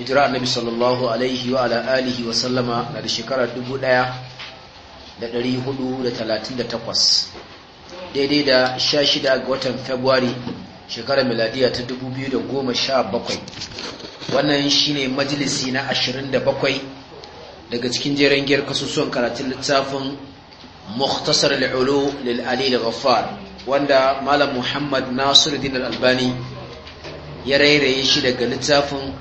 hijira annabi sallallahu alaihi wa ala alihi wa sallama na da shekara 1438 daidai da 16 ga watan february shekarar miladiya ta 2017 wannan shine majalisi na 27 daga cikin jeren giyar kasusuwan karatun littafin muktasar al'ulu lil'ali da ghaffar wanda malam muhammad nasiru dinar albani ya rairaye shi daga littafin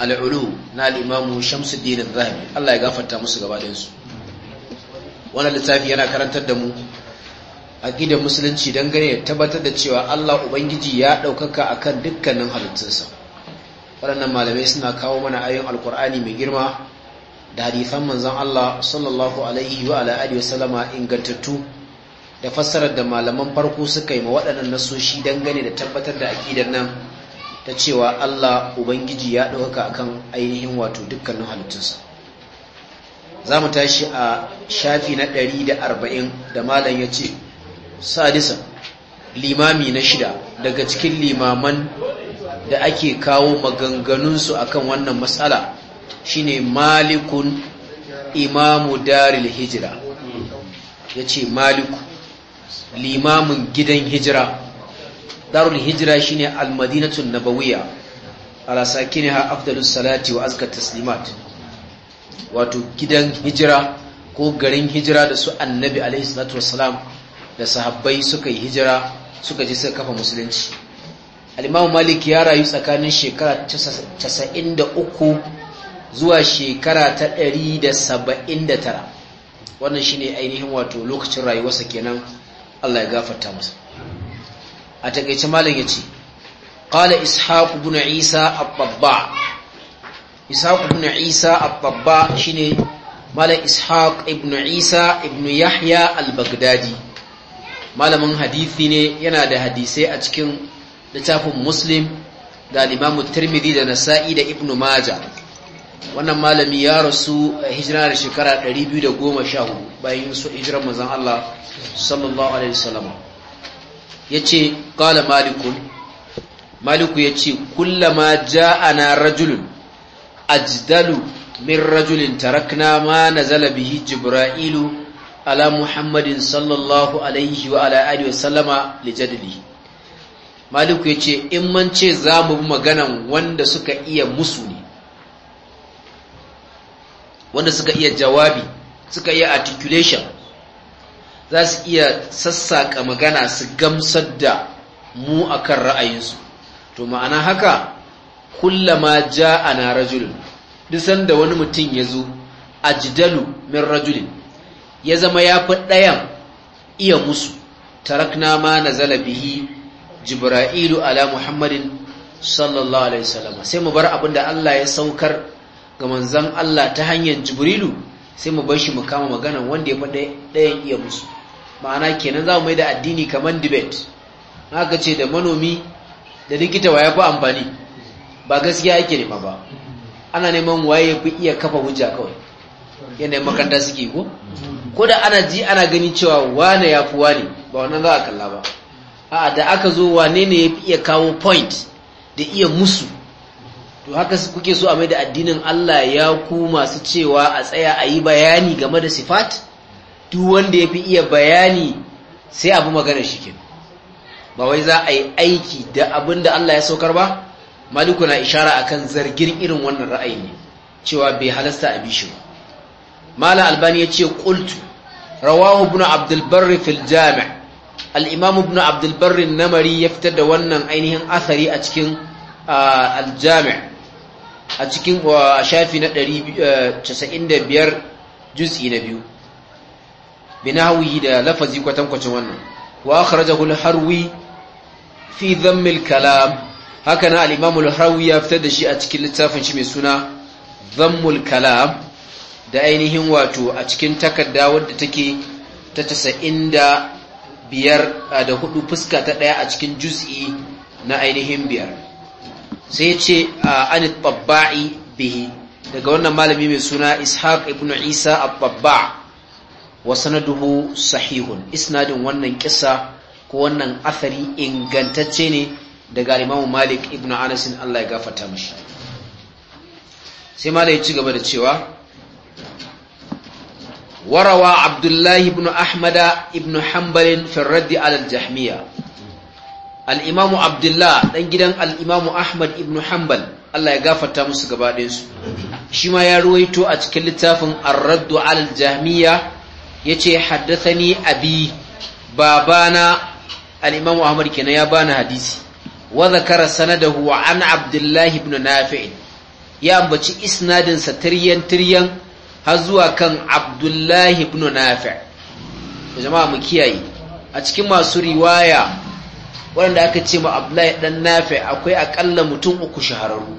al'ulu na al'imamu shamsuddin zahabi Allah ya gafarta musu gaba Wani wani littafi yana karantar da mu A gidan musulunci dangane da tabbatar da cewa Allah ubangiji ya ɗaukaka a kan dukkanin halittunsa waɗannan malamai suna kawo mana ayoyin alkur'ani mai girma da hadithan manzon Allah sallallahu alaihi wa wa wasallama ingantattu da fassarar da malaman farko suka yi ma waɗannan nasoshi dangane da tabbatar da aƙidar nan ta cewa Allah Ubangiji ya ɗauka kan ainihin wato dukkanin halittunsa za mu tashi a shafi na ɗari da malam ya ce sadisa limami na shida daga cikin limaman da ake kawo maganganunsu a kan wannan matsala shine malikun imamu daril hijira ya ce maliku limamin gidan hijira darul hijira shine almadinatun nabawiyya ala sakiniha afdalus salati wa azka taslimat wato gidan hijira ko garin hijira da su annabi alaihi salatu wassalam da sahabbai suka yi hijira suka je suka kafa musulunci al-imam malik ya rayu tsakanin shekara 93 zuwa shekara ta 179 wannan shine ainihin wato lokacin rayuwarsa kenan Allah ya gafarta masa a takaice malam ya ce ƙala ishaq ibn isa abba ishaq ibn isa abba shine malam ishaq ibn isa ibn yahya al-baghdadi malamin hadithi ne yana da hadisai a cikin littafin muslim da limamu tirmidhi da nasa'i da ibn maja wannan malami ya rasu a hijira da shekara 214 bayan hijirar manzon Allah sallallahu alaihi wasallam ya ce kala maliku. maliku ya ce kullama ja'ana rajulun ajdalu min rajulin tarakna ma na zalabihi jibra'ilu ala muhammadin sallallahu alaihi wa ala wa sallama lijadili maliku ya ce in man ce za mu bi maganan wanda suka iya musu ne wanda suka iya jawabi suka iya articulation za su iya sassaƙa magana su gamsar da mu akan ra'ayinsu to ma'ana haka kullama ja'ana rajulun duk sanda wani mutum ya zo jidalu min rajulin ya zama ya fi ɗayan iya musu tarakna ma zala bihi jibra'ilu ala muhammadin sallallahu alaihi salama sai mu bar abin da Allah ya saukar ga manzon Allah ta hanyar jibrilu sai mu bar shi mu kama maganan wanda ya fi ɗayan iya musu ma'ana kenan za mu mai da addini kamar debate haka ce da manomi da likita wa ya fi amfani ba gaskiya ake nema ba ana neman waye ya fi iya kafa hujja kawai yanayin makaranta suke ko ko da ana ji ana gani cewa wane ya fi wane ba wannan za a kalla ba a da aka zo wane ne ya fi iya kawo point da iya musu to haka kuke so a mai da addinin Allah ya ku masu cewa a tsaya a yi bayani game da sifat duk wanda ya fi iya bayani sai abu magana shi ke ba wai za a yi aiki da abin da Allah ya saukar ba maliku na ishara a kan zargin irin wannan ra'ayi ne cewa bai halasta a bishi ba malam albani ya ce ƙultu, rawahu ibn Abdulbarri barri fil jami' al imam ibn namari ya fitar da wannan ainihin asari a cikin al a cikin shafi na 195 eh, juz'i na biyu binahwihi da lafazi kwatankwacin wannan wa akhrajahu al-harwi fi dhamm al-kalam haka na al-imam al-harwi ya fitar da shi a cikin littafin shi mai suna al kalam da ainihin wato a cikin takarda wadda take ta 95 da biyar da hudu fuska ta daya a cikin juz'i na ainihin biyar sai ce an tabba'i bihi daga wannan malami mai suna ishaq ibn isa abba wa sanaduhu sahihun isnadin wannan kissa ko wannan athari ingantacce ne daga Imam Malik ibn Anas Allah ya gafarta mishi sai malai ya ci gaba da cewa warawa Abdullah ibn Ahmad ibn Hanbal fi radd ala al-Jahmiyya al-Imam Abdullah dan gidan al-Imam Ahmad ibn Hanbal Allah ya gafarta musu gaba ɗayansu shi ma ya ruwaito a cikin littafin ar-radd ala al-Jahmiyya Ya yace haddathani abi babana al-imam ahmad kenan ya bani hadisi wa zakara sanadahu an abdullahi ibn nafi' ya ambaci isnadin sa tiryan tiryan har zuwa kan abdullahi ibn nafi' jama'a mu kiyaye a cikin masu riwaya waɗanda aka ce ma abdullahi dan nafi' akwai akalla mutum uku shahararru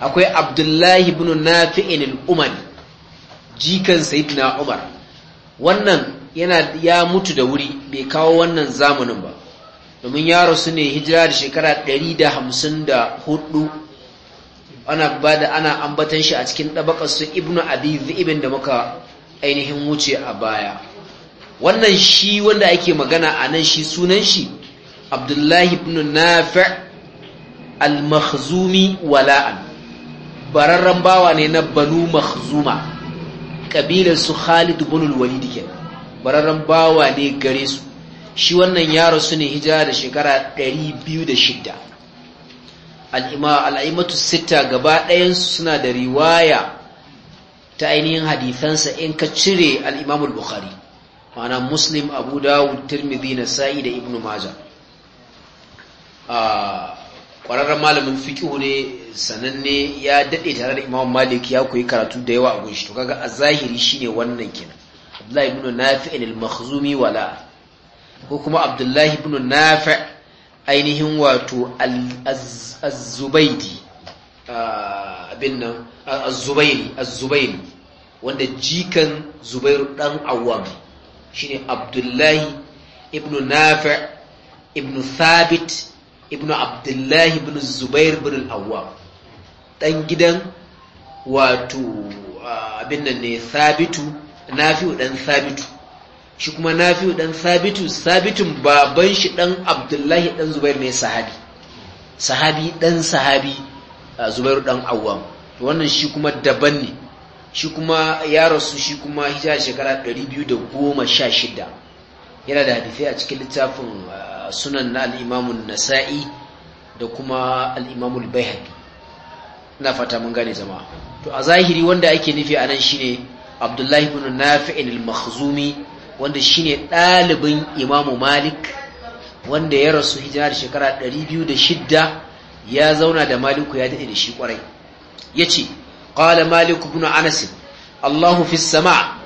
akwai abdullahi ibn nafi'in al-umari jikan sayyidina umar wannan yana ya mutu da wuri bai kawo wannan zamanin ba domin yaro su ne hijira da shekara 154 ana da ana ambatan shi a cikin dabakar su ibnu abi ibn da muka ainihin wuce a baya wannan shi wanda ake magana a nan shi sunan shi abdullahi ibn nafi al-makhzumi wala'an bararren bawa ne na banu makhzuma kabilar su Khalid ibn al-Walid ke bararran bawa ne gare su shi wannan yaro su ne hijira da shekara 206 shidda. al'imatu sita gaba ɗayansu suna da riwaya ta ainihin hadithansa in ka cire al bukhari ma'ana muslim abu dawud tirmidhi na da ibn maja ah, ƙwararren malamin fikihu ne sananne ya daɗe tare da imam malik ya koyi karatu da yawa a gunshi to kaga a zahiri shine wannan kenan abdullahi ibn nafi' al-makhzumi wala ko kuma abdullahi ibn nafi' ainihin wato az-zubaydi ah, abin nan az-zubayri az-zubayri wanda jikan zubairu dan awwam shine abdullahi ibn nafi' ibn thabit ibnu abdullahi ibn zubair ibn al-awwam dan gidan wato abin nan ne sabitu nafi'u dan sabitu shi kuma nafi'u dan sabitu sabitun baban shi dan abdullahi dan zubair ne sahabi sahabi dan sahabi zubair dan awwam wannan shi kuma daban ne shi kuma ya rasu shi kuma hijira shekara 216 yana da hadisai a cikin littafin uh, sunan na al'imamun nasa'i da kuma al'imamul ina fata mun gane zama to a zahiri wanda ake nufi a nan shine abdullahi ibn nafi'in al-makhzumi wanda shine ɗalibin imamu malik wanda ya rasu hijira da shekara 206 ya zauna da maliku ya daɗe da shi ƙwarai ya ce ƙala maliku ibn anas allahu fi sama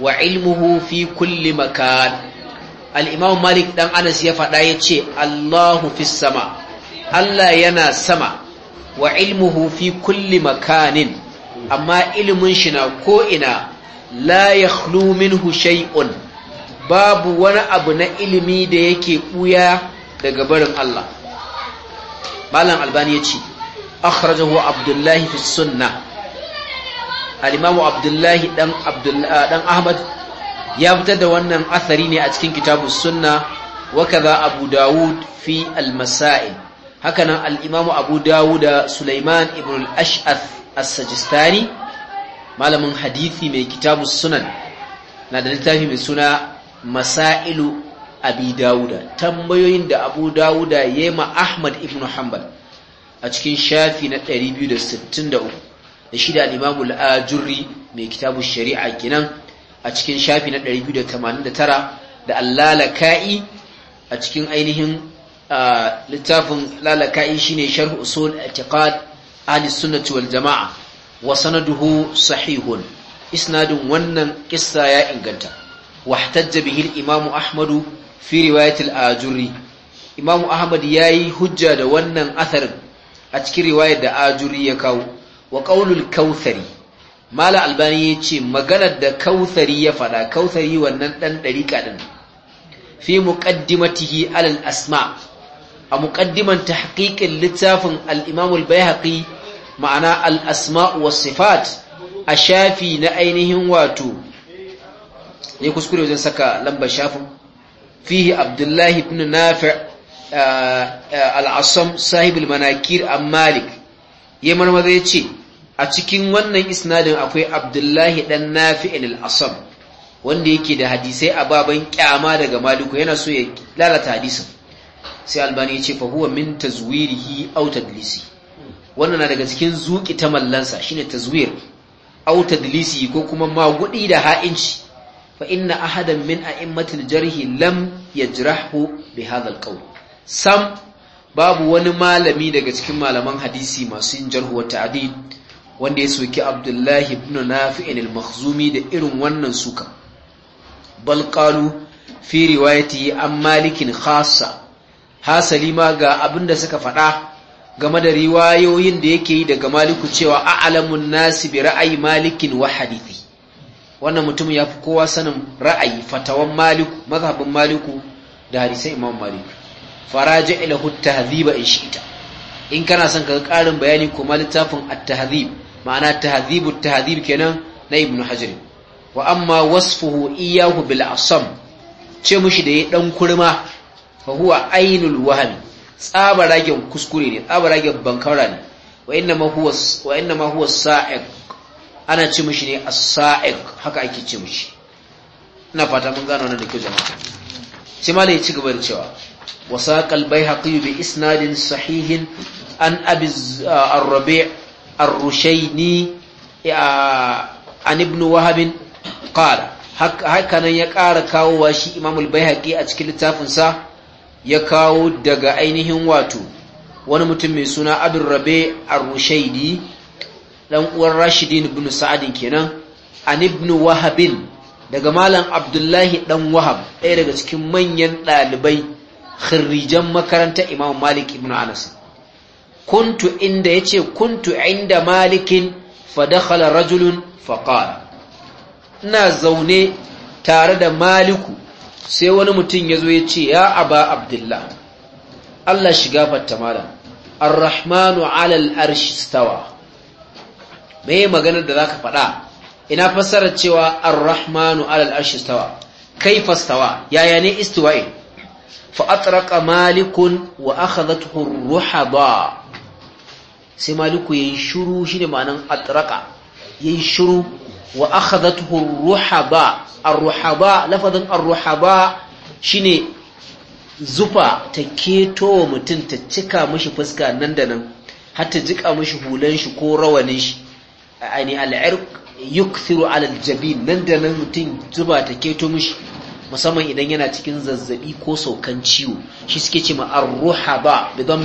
wa ilmuhu fi kulli makan alimam malik dan anas ya faɗa ya ce allahu fi sama allah yana sama wa ilmuhu fi kulli makanin amma ilimin shi na ko'ina. la yakhlu minhu shay'un babu wani abu na ilimi da yake ɓuya daga barin Allah malam albani ya ce akhrajahu abdullahi fi sunna al-imam abdullahi ɗan dan ahmad ya fitar da wannan asari ne a cikin kitabu sunna wa kaza abu dawud fi al-masail hakanan al abu dawud da sulaiman ibn al sajistani malamin hadisi mai kitabu sunan na da littafi mai suna masailu abi dawuda tambayoyin da abu dawuda ma ahmad ibn hanbal a cikin shafi na 263 da shida al-imam mai kitabu shari'a kenan a cikin shafi na 289 da allalaka'i a cikin ainihin littafin lalaka'i shine sharh usul i'tiqad ahli sunnati wal jama'a wa sanaduhu sahihun isnadin wannan kissa ya inganta wahtajja bihi al-imamu ahmadu fi riwayat al-ajuri imamu ahmad yayi hujja da wannan atharin a cikin riwayar da ajuri ya kawo wa qaulul kautsari mala albani ya ce maganar da kautsari ya faɗa kautsari wannan ɗan ɗari kaɗan, fi muƙaddimatihi alal asma a muƙaddimanta haƙiƙin littafin al'imamul bai haƙi ma'ana al'asma wa sifat a shafi na ainihin wato Ya kuskure wajen saka lambar shafin fihi abdullahi ibn nafi eh, eh, al'asam sahibul manakir a malik ya marmara ya ce a cikin wannan isnadin akwai abdullahi dan nafi'il al-asam wanda yake da hadisai a baban kyama daga maliku yana so ya lalata hadisin sai albani ya ce fa huwa min tazwirihi aw tadlisi wannan na daga cikin zuki ta mallansa shine tazwir aw tadlisi ko kuma magudi da ha'inci fa inna ahadan min a'immatil jarhi lam yajrahu bi hadha al-qawl sam babu wani malami daga cikin malaman hadisi masu yin jarhu wa ta'did wanda ya soki abdullahi ibn nafi'in al-makhzumi da irin wannan suka bal qalu fi riwayati an malikin khassa hasali ma ga abinda suka faɗa game da riwayoyin da yake yi daga maliku cewa a'lamun nasi bi ra'ayi malikin wa hadithi wannan mutum ya fi kowa sanin ra'ayi fatawan maliku mazhabin maliku da hadisan imam malik faraja ila hadiba in shi'ta in kana son ka karin bayani ko littafin at-tahdhib ma'ana tahzibu tahzib kenan na ibnu hajar wa amma wasfuhu iyahu bil asam ce mushi da ya dan kurma fa huwa ainul wahmi tsabaragen kuskure ne tsabaragen bankara ne wa inna ma huwa wa inna ma huwa sa'iq ana ce mushi ne as-sa'iq haka ake ce mushi ina fata mun gano nan da kyau jama'a sai malai ya ci gaba da cewa wasaqal bayhaqi bi isnadin sahihin an abi ar-rabi' الرشيني عن ابن وهب قال هكا kawowa كاو واشي امام البيهقي ا cikin littafinsa sa ya kawo daga ainihin wato wani mutum mai suna Abdul Rabi Ar-Rushaydi dan uwan rashidin ibn Sa'ad kenan an ibn Wahab daga malam Abdullahi dan Wahab ɗaya daga cikin manyan ɗalibai khirrijan makaranta Imam Malik ibn Anas kuntu inda yace kuntu inda malikin fa dakhala rajulun fa qala ina zaune tare da maliku sai wani mutum yazo yace ya aba abdullah Allah shiga fatta malam arrahmanu ala al-arshi stawa me maganar da zaka faɗa ina fassarar cewa arrahmanu alal arshi stawa kaifa stawa yaya ne istiwa'i fa atraqa malikun wa akhadhathu ar-ruhaba sai maliku ya yayi shuru ne ma'anan atraka yi shuru wa akhadhathu ar-ruhaba ar-ruhaba lafazin ar-ruhaba ne. zufa ta keto wa mutum ta cika mashi fuska nan da nan hatta jika mashi hulan shi ko rawanin shi a al-irq yukthiru ala nan da nan mutum zuba ta keto mashi musamman idan yana cikin zazzabi ko saukan ciwo shi suke ce ma arruhaba ruhaba Bidon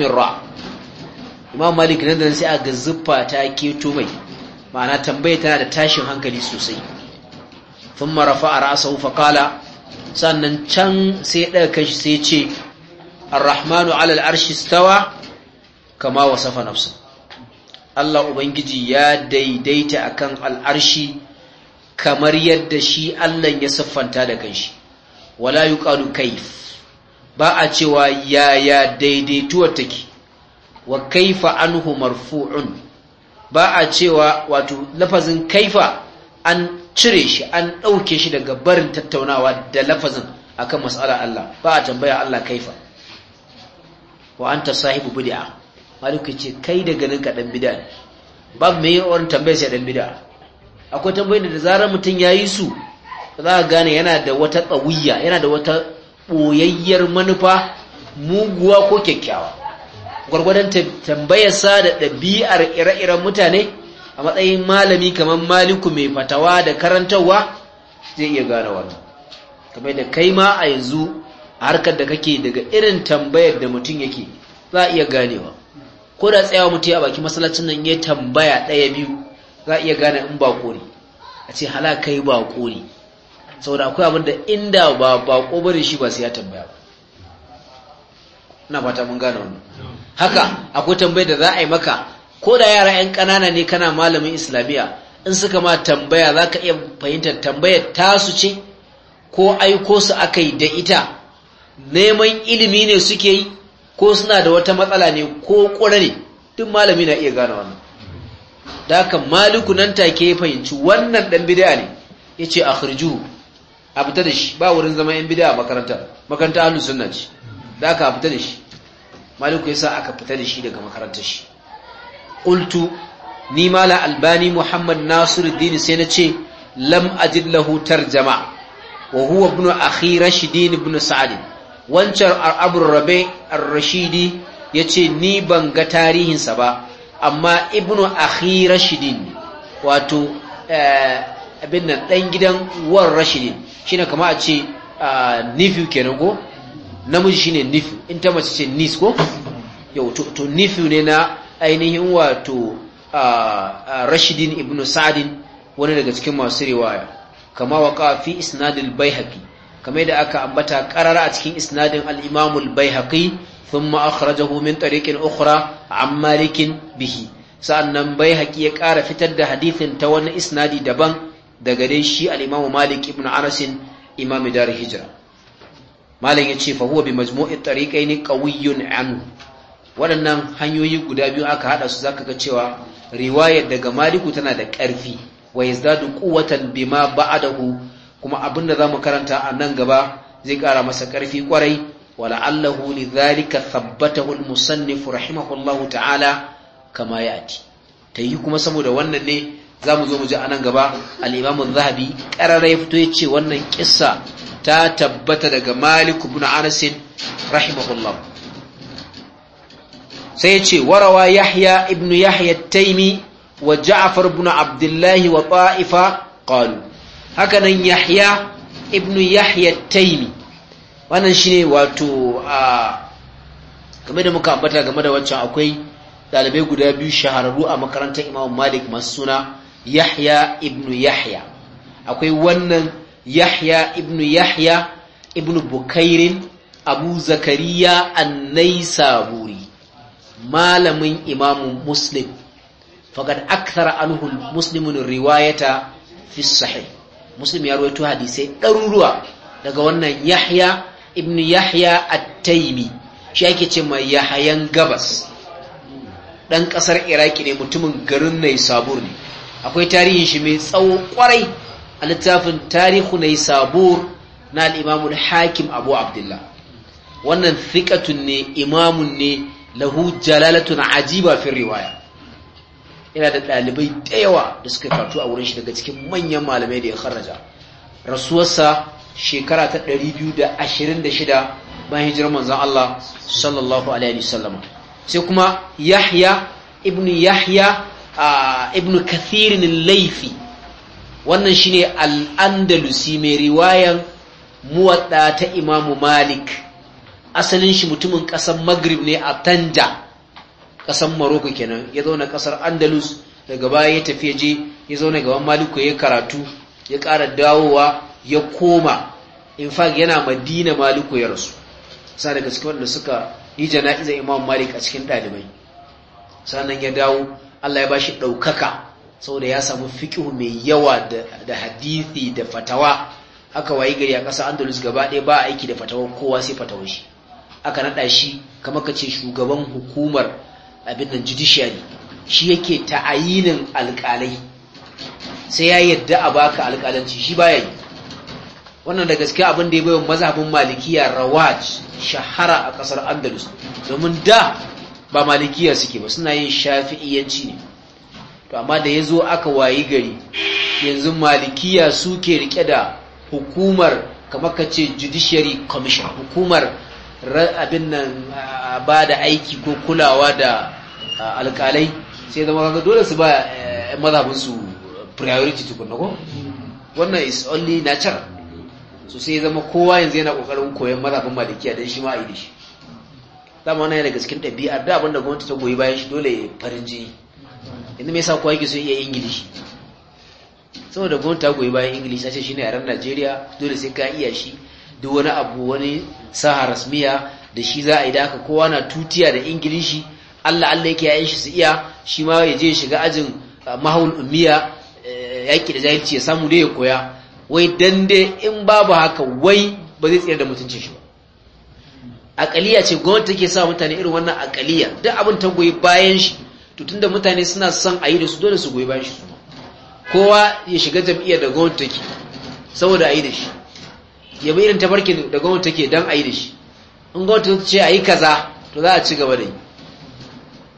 imam malik nan da sai ga zuffa ta keto mai ma'ana tambaya tana da tashin hankali sosai thumma rafa'a ra'sahu fa qala sannan can sai ɗaga kashi sai ce ar-rahmanu 'ala al-arshi istawa kama wasafa nafsu Allah ubangiji ya daidaita akan al'arshi kamar yadda shi Allah ya siffanta da kanshi wala yuqalu kayf ba a cewa ya yaya daidaituwar take wa kaifa anhu marfu'un ba a cewa wato lafazin kaifa an cire shi an ɗauke shi daga barin tattaunawa da lafazin akan mas'ala Allah ba a tambaya Allah kaifa wa anta sahibu bid'a maliku ce kai daga ganin ka dan bid'a ba babu mai yawan tambaya sai dan bid'a akwai tambayoyin da zarar mutum yayi su za ka gane yana da wata qawiyya yana da wata boyayyar manufa muguwa ko kyakkyawa gwargwadon tambayarsa da ɗabi'ar ire-iren mutane a matsayin malami kamar maliku mai fatawa da karantarwa zai iya gane wannan kamar da kai ma a yanzu a harkar da kake daga irin tambayar da mutum yake za a iya ganewa ko da tsayawa mutum a baki masalacin nan ya tambaya ɗaya biyu za a iya gane in ba ƙori a ce hala kai bako ne saboda akwai abin da inda ba ba bane shi ba sai ya tambaya ba ina fata mun gane wannan haka akwai tambayar da za a yi maka ko da yara 'yan ƙanana ne kana malamin islamiyya in suka ma tambaya za ka iya fahimtar tambayar tasu ce ko aiko su aka yi da ita neman ilimi ne suke yi ko suna da wata matsala ne ko ƙura ne duk malami na iya gane wannan da haka maliku nan take ya fahimci wannan ɗan bidiya ne ya ce a hirju a fita da shi ba wurin zama 'yan bidiya a makaranta makaranta ahlus sunna ce da haka fita da shi maliku yasa aka fita da shi daga makarantar shi qultu ni mala albani muhammad nasiruddin sai na ce lam ajid lahu tarjama wa huwa ibn akhi rashidin ibn sa'd wancan abu rabi ar-rashidi yace ni ban ga tarihin sa ba amma ibn akhi rashidin wato eh, abin nan dan gidan war rashidin shine kamar a ce ah, nifu kenan ko namiji shine nifu in ta mace ce nis ko yau to nifu ne na ainihin wato rashidin ibnu sa'adin wani daga cikin masu riwaya kama waka fi isnadil baihaqi kamar da aka ambata karara a cikin isnadin alimamul baihaki al-baihaqi thumma akhrajahu min tariqin ukhra an malikin bihi sa'annan baihaqi ya ƙara fitar da hadithin ta wani isnadi daban daga dai shi al'imamu malik ibn anas imam dar hijira. malam yace fa huwa bi majmu'i tariqaini qawiyyun anhu waɗannan hanyoyi guda biyu aka haɗa su zaka ga cewa riwayar daga maliku tana da ƙarfi wa yazdadu quwwatan bima ba'dahu kuma abinda zamu karanta a nan gaba zai ƙara masa ƙarfi kwarai wala allahu lidhalika thabbatahu al-musannif rahimahullahu ta'ala kama yati tayi kuma saboda wannan ne za mu zo mu ji nan gaba al zahabi ƙararra ya fito ya ce wannan kissa ta tabbata daga malik ibn anas rahimahullah sai ya ce warawa yahya ibn yahya taimi wa ja'far ibn Abdullahi wa ta'ifa qalu haka nan yahya ibn yahya taimi wannan shine wato a game da muka ambata game da wancan akwai ɗalibai guda biyu shahararru a makarantar imam malik masu suna yahya ibnu yahya akwai wannan yahya ibnu yahya ibnu bukairin abu zakariya annai malamin imamu muslim fagad akthara anhu muslimun riwayata fi sahih muslim ya rawaito hadisai ɗaruruwa daga wannan yahya ibnu yahya at-taimi shi ake ce mai yahayan gabas ɗan ƙasar iraki ne mutumin garin naisabur ne akwai tarihin shi mai tsawo kwarai a littafin tarihu na sabur na al'imamun hakim abu abdullah wannan thiqatun ne imamun ne lahu jalalatun ajiba fi riwaya yana da ɗalibai da yawa da suka karatu a wurin shi daga cikin manyan malamai da ya kharraja rasuwarsa shekara ta 226 bayan hijirar manzon Allah sallallahu alaihi wasallam sai kuma Yahya ibnu Yahya ibnu kathirin laifi wannan shine al'andalusi mai riwayan muwadda ta imamu malik asalin shi mutumin ƙasar maghrib ne a tanja ƙasar maroko kenan ya zauna ƙasar andalus daga baya ya tafi je ya zauna gaban maliku ya karatu ya ƙara dawowa ya koma in fact yana madina maliku ya rasu sa daga cikin wanda suka yi jana'izar imamu malik a cikin ɗalibai sannan ya dawo Allah ya bashi ɗaukaka saboda ya samu fiƙihu mai yawa da hadithi da fatawa aka wayi gari a ƙasa andalus gaba ɗaya ba aiki da fatawa, kowa sai fatawar shi aka naɗa shi kamar ka ce shugaban hukumar abin nan judiciary shi yake ta'ayinin alƙalai sai ya yadda a baka alƙalanci shi baya yi wannan da gaske abin da ya bayan mazhabin malikiya rawaj shahara a ƙasar andalus domin da ba malikiya suke ba suna yin shafi'iyanci ne to amma da ya zo aka wayi gari yanzu malikiya suke rike da hukumar kamar ka ce judiciary commission hukumar abin nan ba da aiki ko kulawa da alkalai sai zama kaga dole su ba eh, su priority tukunna ko wannan is only natural so sai zama kowa yanzu yana kokarin koyon mazhabin malikiya don shi ma a yi da shi dama wannan yana daga cikin ɗabi'ar da abinda gwamnati ta goyi bayan shi dole ya farin jini yanzu mai sa kowa yake so iya ingilishi saboda gwamnati ta goyi bayan ingilishi ta ce shi a yaren najeriya dole sai ka iya shi Da wani abu wani saha rasmiya da shi za a yi da haka kowa na tutiya da ingilishi allah allah yake yayin shi su iya shi ma ya je shiga ajin mahaun umiya eh, yaki da jahilci ya samu dai ya koya wai dande in babu haka wai ba zai tsira da mutuncin shi ba akaliya ce gwamnati take sa mutane irin wannan akaliya duk abin ta goyi bayan shi to tunda mutane suna son a yi da su dole su goyi bayan shi kowa ya shiga jam'iyyar da gwamnati take saboda a yi da shi ya bi irin tafarkin da gwamnati take don a yi da shi in gwamnati ta ce a yi kaza to za a ci gaba da yi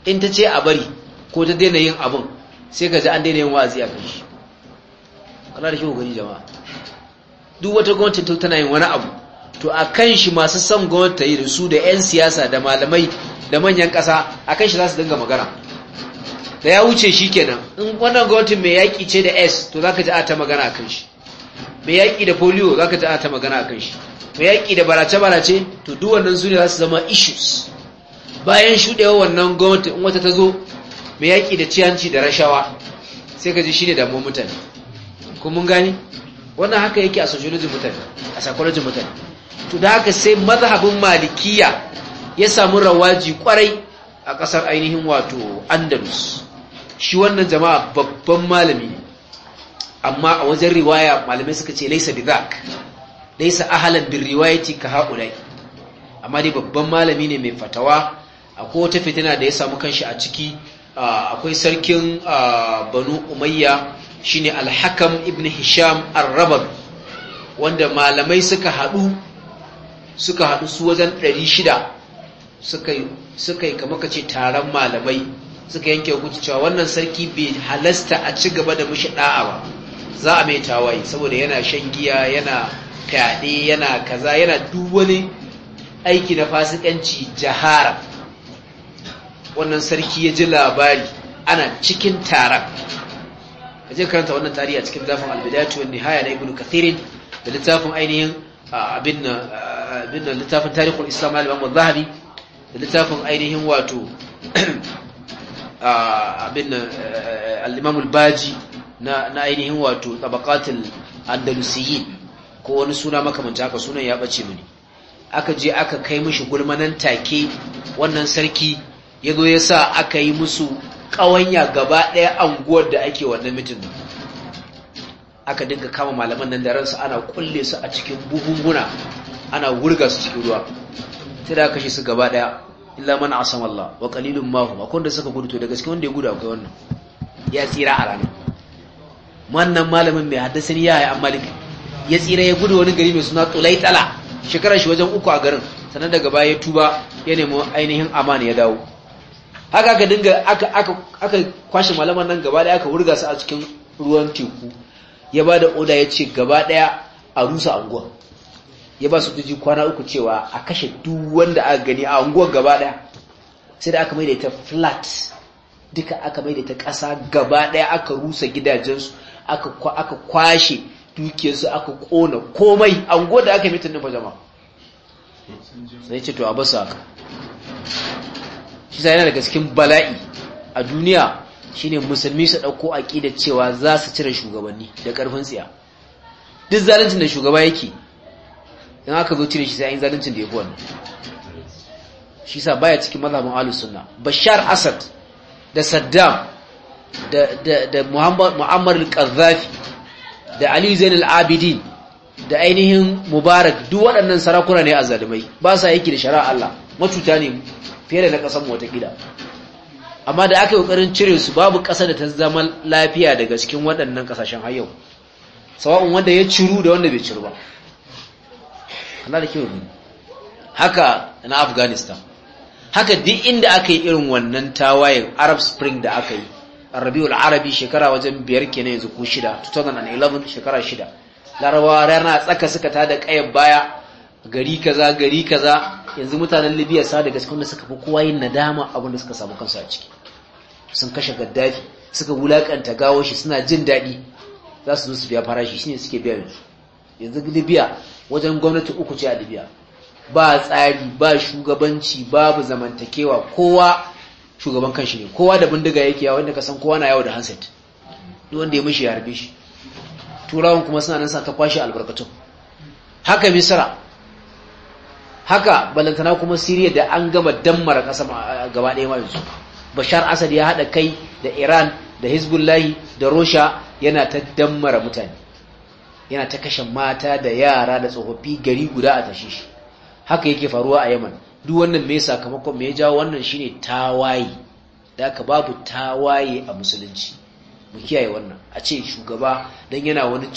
in ta ce a bari ko ta daina yin abin sai ka ji an daina yin wa'azi a kan shi Allah da shi jama'a duk wata gwamnati tana yin wani abu to a kan shi masu son gwamnati ta yi da su da 'yan siyasa da malamai da manyan ƙasa a kan shi za su dinga magana da ya wuce shi kenan in wannan gwamnati mai yaƙi ce da s to za ka ji a ta magana a kan shi mai yaƙi da polio za ka ji a ta magana a kan shi mai yaƙi da barace-barace to duk wannan su ne za su zama issues bayan shuɗewa wannan gwamnati in wata ta zo mai yaƙi da ciyanci da rashawa sai ka ji shi ne damuwar mutane ko mun gani wannan haka yake a sociology mutane a psychologin mutane to da haka sai mazhabin malikiya ya samu rawaji kwarai a ƙasar ainihin wato andalus shi wannan jama'a babban malami amma a wajen riwaya malamai suka ce laisa bidak laisa ahalan bin riwayati ka haulai amma dai babban malami ne mai fatawa akwai wata fitina da ya samu kanshi a ciki akwai sarkin banu umayya shine alhakam ibn hisham ar-rabab wanda malamai suka haɗu suka haɗu su wajen ɗari shida suka yi kama ka ce taron malamai suka yanke hukunci cewa wannan sarki bai halasta a ci gaba da mushi da'a ba za a mai tawaye saboda yana shan giya yana fyaɗe yana kaza yana duk wani aiki na fasikanci jahara wannan sarki ya ji labari ana cikin taron a je karanta wannan tarihi a cikin zafin albidatu wani haya na ibn kathirin da littafin ainihin abin da littafin tarihul islam al-imam zahabi da littafin ainihin wato abin al baji na ainihin wato tabaqatul andalusiyi ko wani suna makamanta haka sunan ya bace mini aka je aka kai mishi gulmanan take wannan sarki ya zo ya sa aka yi musu ƙawanya gaba ɗaya anguwar da ake wannan mitin aka dinga kama malaman nan da ransu ana kulle su a cikin buhunguna ana wurga su cikin ruwa sai da kashe su gaba daya illa man asama Allah wa qalilun ma hum akwai da suka gudu to da gaske wanda ya gudu akwai wannan ya tsira a ranar wannan malamin mai ni ya a amalik ya tsira ya gudu wani gari mai suna tulaitala shekarar shi wajen uku a garin sannan daga baya ya tuba ya nemi ainihin amana ya dawo haka aka dinga aka aka kwashe malaman nan gaba daya aka wurga su a cikin ruwan teku ya ba da oda ya ce gaba daya a rusa anguwa ya ba su tuji kwana uku cewa a kashe duk wanda aka gani a unguwar gaba daya sai da aka mai da ita flat duka aka mai da ita ƙasa gaba daya aka rusa gidajensu aka kwashe dukiyarsu aka kona komai anguwa da aka mitin nufa jama'a sai ce to a basa shi yana da cikin bala'i a duniya shine musulmi su dauko aqidar cewa za su cire shugabanni da karfin tsiya duk zaluncin da shugaba yake in aka zo cire shi sai an zaluncin da yafi wannan shi sa baya cikin mazhabin ahlus sunna bashar asad da saddam da da da muhammad da ali zain al-abidin da ainihin mubarak duk waɗannan sarakuna ne azzalumai ba sa yake da shari'a Allah macuta ne fiye da na ƙasar mu wata gida amma da aka yi ƙoƙarin cire su babu ƙasa da ta zama lafiya daga cikin waɗannan ƙasashen har yau sawa'un wanda ya ciru da wanda bai ciru ba haka na Afghanistan haka duk inda aka yi irin wannan tawayen Arab Spring da aka yi Rabiul Arabi shekara wajen biyar kenan yanzu ko shida 2011 shekara shida Larabawa rana tsaka suka da kayan baya gari kaza gari kaza yanzu mutanen Libya sa daga cikin da suka fi kowa yin nadama abin da suka samu kansu a ciki sun kashe gaddafi suka wulakanta gawo shi suna jin daɗi za su zo su biya farashi ne suke biya yanzu yanzu libya wajen gwamnati uku ce a libya ba tsari ba shugabanci babu zamantakewa kowa shugaban kanshi ne kowa da bindiga yake yawa wanda ka san kowa na yawo da hanset, duk wanda ya mishi ya harbe shi turawan kuma suna nan sa ta kwashe albarkatun haka misra haka balantana kuma siriya da an gama dammara kasa gaba ɗaya ma yanzu bashar asad ya haɗa kai da iran da hezbollah da rusha yana ta dammara mutane yana ta kashe mata da yara da tsofaffi gari guda a tashe shi haka yake faruwa a yaman duk wannan mai sakamakon mai jawo wannan shine tawaye da aka babu tawaye a musulunci mu kiyaye wannan a ce shugaba dan yana wani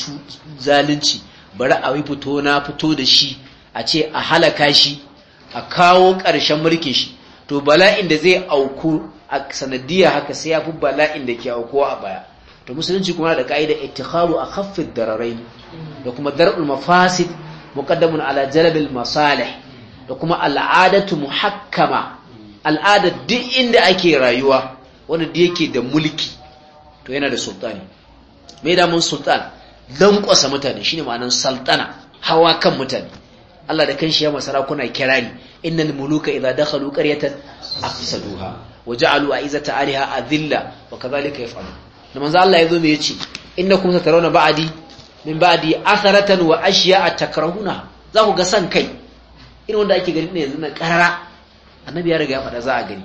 zalunci bari a yi fito na fito da shi a ce a halaka shi a kawo ƙarshen mulkin shi to bala'in da zai auku a sanadiyya haka sai ya fi bala'in da ke aukuwa a baya to musulunci kuma da ka'ida ittikharu a khaffid dararai da kuma dar'ul mafasid muqaddamun ala jalbil masalih da kuma al'adatu muhakkama al'adar duk inda ake rayuwa wanda da yake da mulki to yana da sultani mai damun sultan kwasa mutane shine ma'anar sultana hawa kan mutane Allah da kanshi ya masara kuna kirani innal muluka idza dakhalu qaryatan afsaduha wa ja'alu a'izata aliha adilla wa kadhalika yaf'alu da manzo Allah yazo me yace innakum satarawna ba'di min ba'di atharatan wa ashya'a takrahuna za ku ga san kai irin wanda ake gani ne yanzu na karara annabi ya riga ya faɗa za a gani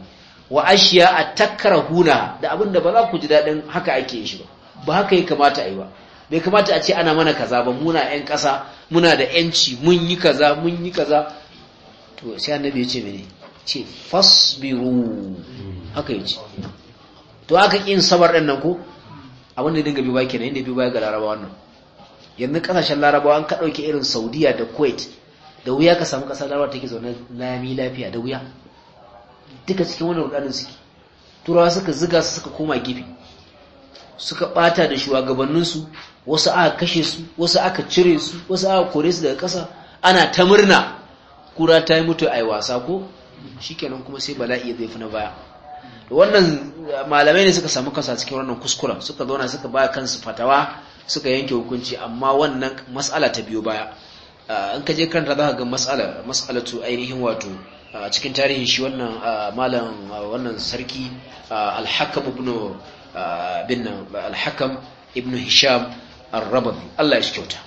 wa ashya'a takrahuna da abinda ba za ku ji dadin haka ake shi ba ba haka ya kamata a yi ba bai kamata a ce ana mana kaza ba muna 'yan ƙasa muna da 'yanci mun yi kaza mun yi kaza to sai annabi ya ce mene ce fasbiru haka ya ce to aka ƙin sabar ɗin nan ko wanda ya dinga biyu kenan inda biyu baya ga laraba wannan yanzu ƙasashen larabawa an ka ɗauki irin saudiya da kuwait da wuya ka samu ƙasar ta take zaune lami lafiya da wuya duka cikin wani rudanin suke turawa suka ziga su suka koma gefe suka bata da shugabanninsu wasu aka kashe su wasu aka cire su wasu aka kore su daga kasa ana ta murna kura ta yi mutu a yi wasa ko shi kenan kuma sai bala'i zai fi na baya wannan malamai ne suka samu kansa cikin wannan kuskuren suka zauna suka baya kansu fatawa suka yanke hukunci amma wannan matsala ta biyo baya ah, in ka je kan za ka ga matsala ainihin wato ah, a cikin tarihin shi wannan ah, malam wannan sarki alhakam ibnu ibn al hisham ar Allah ya shi kyauta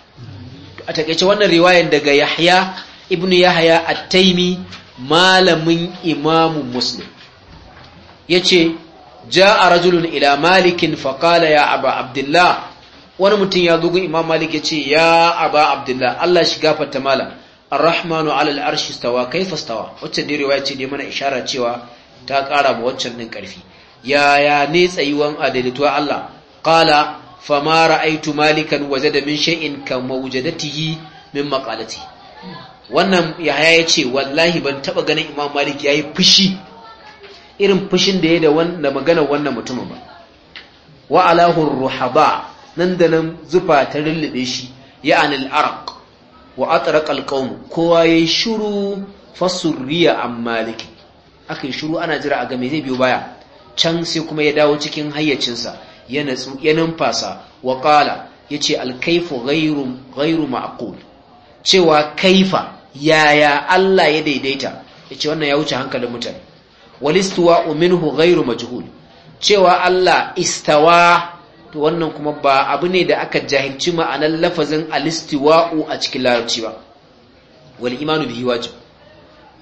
a takaice wannan riwayar daga Yahya ibnu yahaya at-taimi malamin imamu muslim yace ja'a rajulun ila malikin faqala ya aba abdullah wani mutum ya zo imam malik yace ya aba abdullah Allah shi gafarta malam ar-rahmanu 'ala al-arshi stawa kaifa stawa wacce dai riwaya ce dai mana isharar cewa ta ƙara ba waccan din karfi yaya ne tsayuwan adalituwa Allah qala fama ra'aytu malikan wajada min shay'in kamawjadatihi min maqalati wannan yahaya ya ce wallahi ban taba ganin imam malik ya yi fushi irin fushin da ya da wanda magana wannan mutumin ba wa alahun ruhaba nan da nan zufa ta lullube shi ya anil arak wa atraq alqawm kowa ya yayi shiru fasurriya an malik yi shiru ana jira a game zai biyo baya can sai kuma ya dawo cikin hayyacinsa ya natsu ya numfasa wa ya yace alkaifu gairu ma'akul cewa kaifa yaya Allah ya daidaita yace wannan ya wuce hankalin mutane walistuwa minhu ghairu majhul cewa Allah istawa to wannan kuma ba abu ne da aka jahilci ma'anar lafazin alistiwa'u a cikin larabci ba wal imanu bihi wajib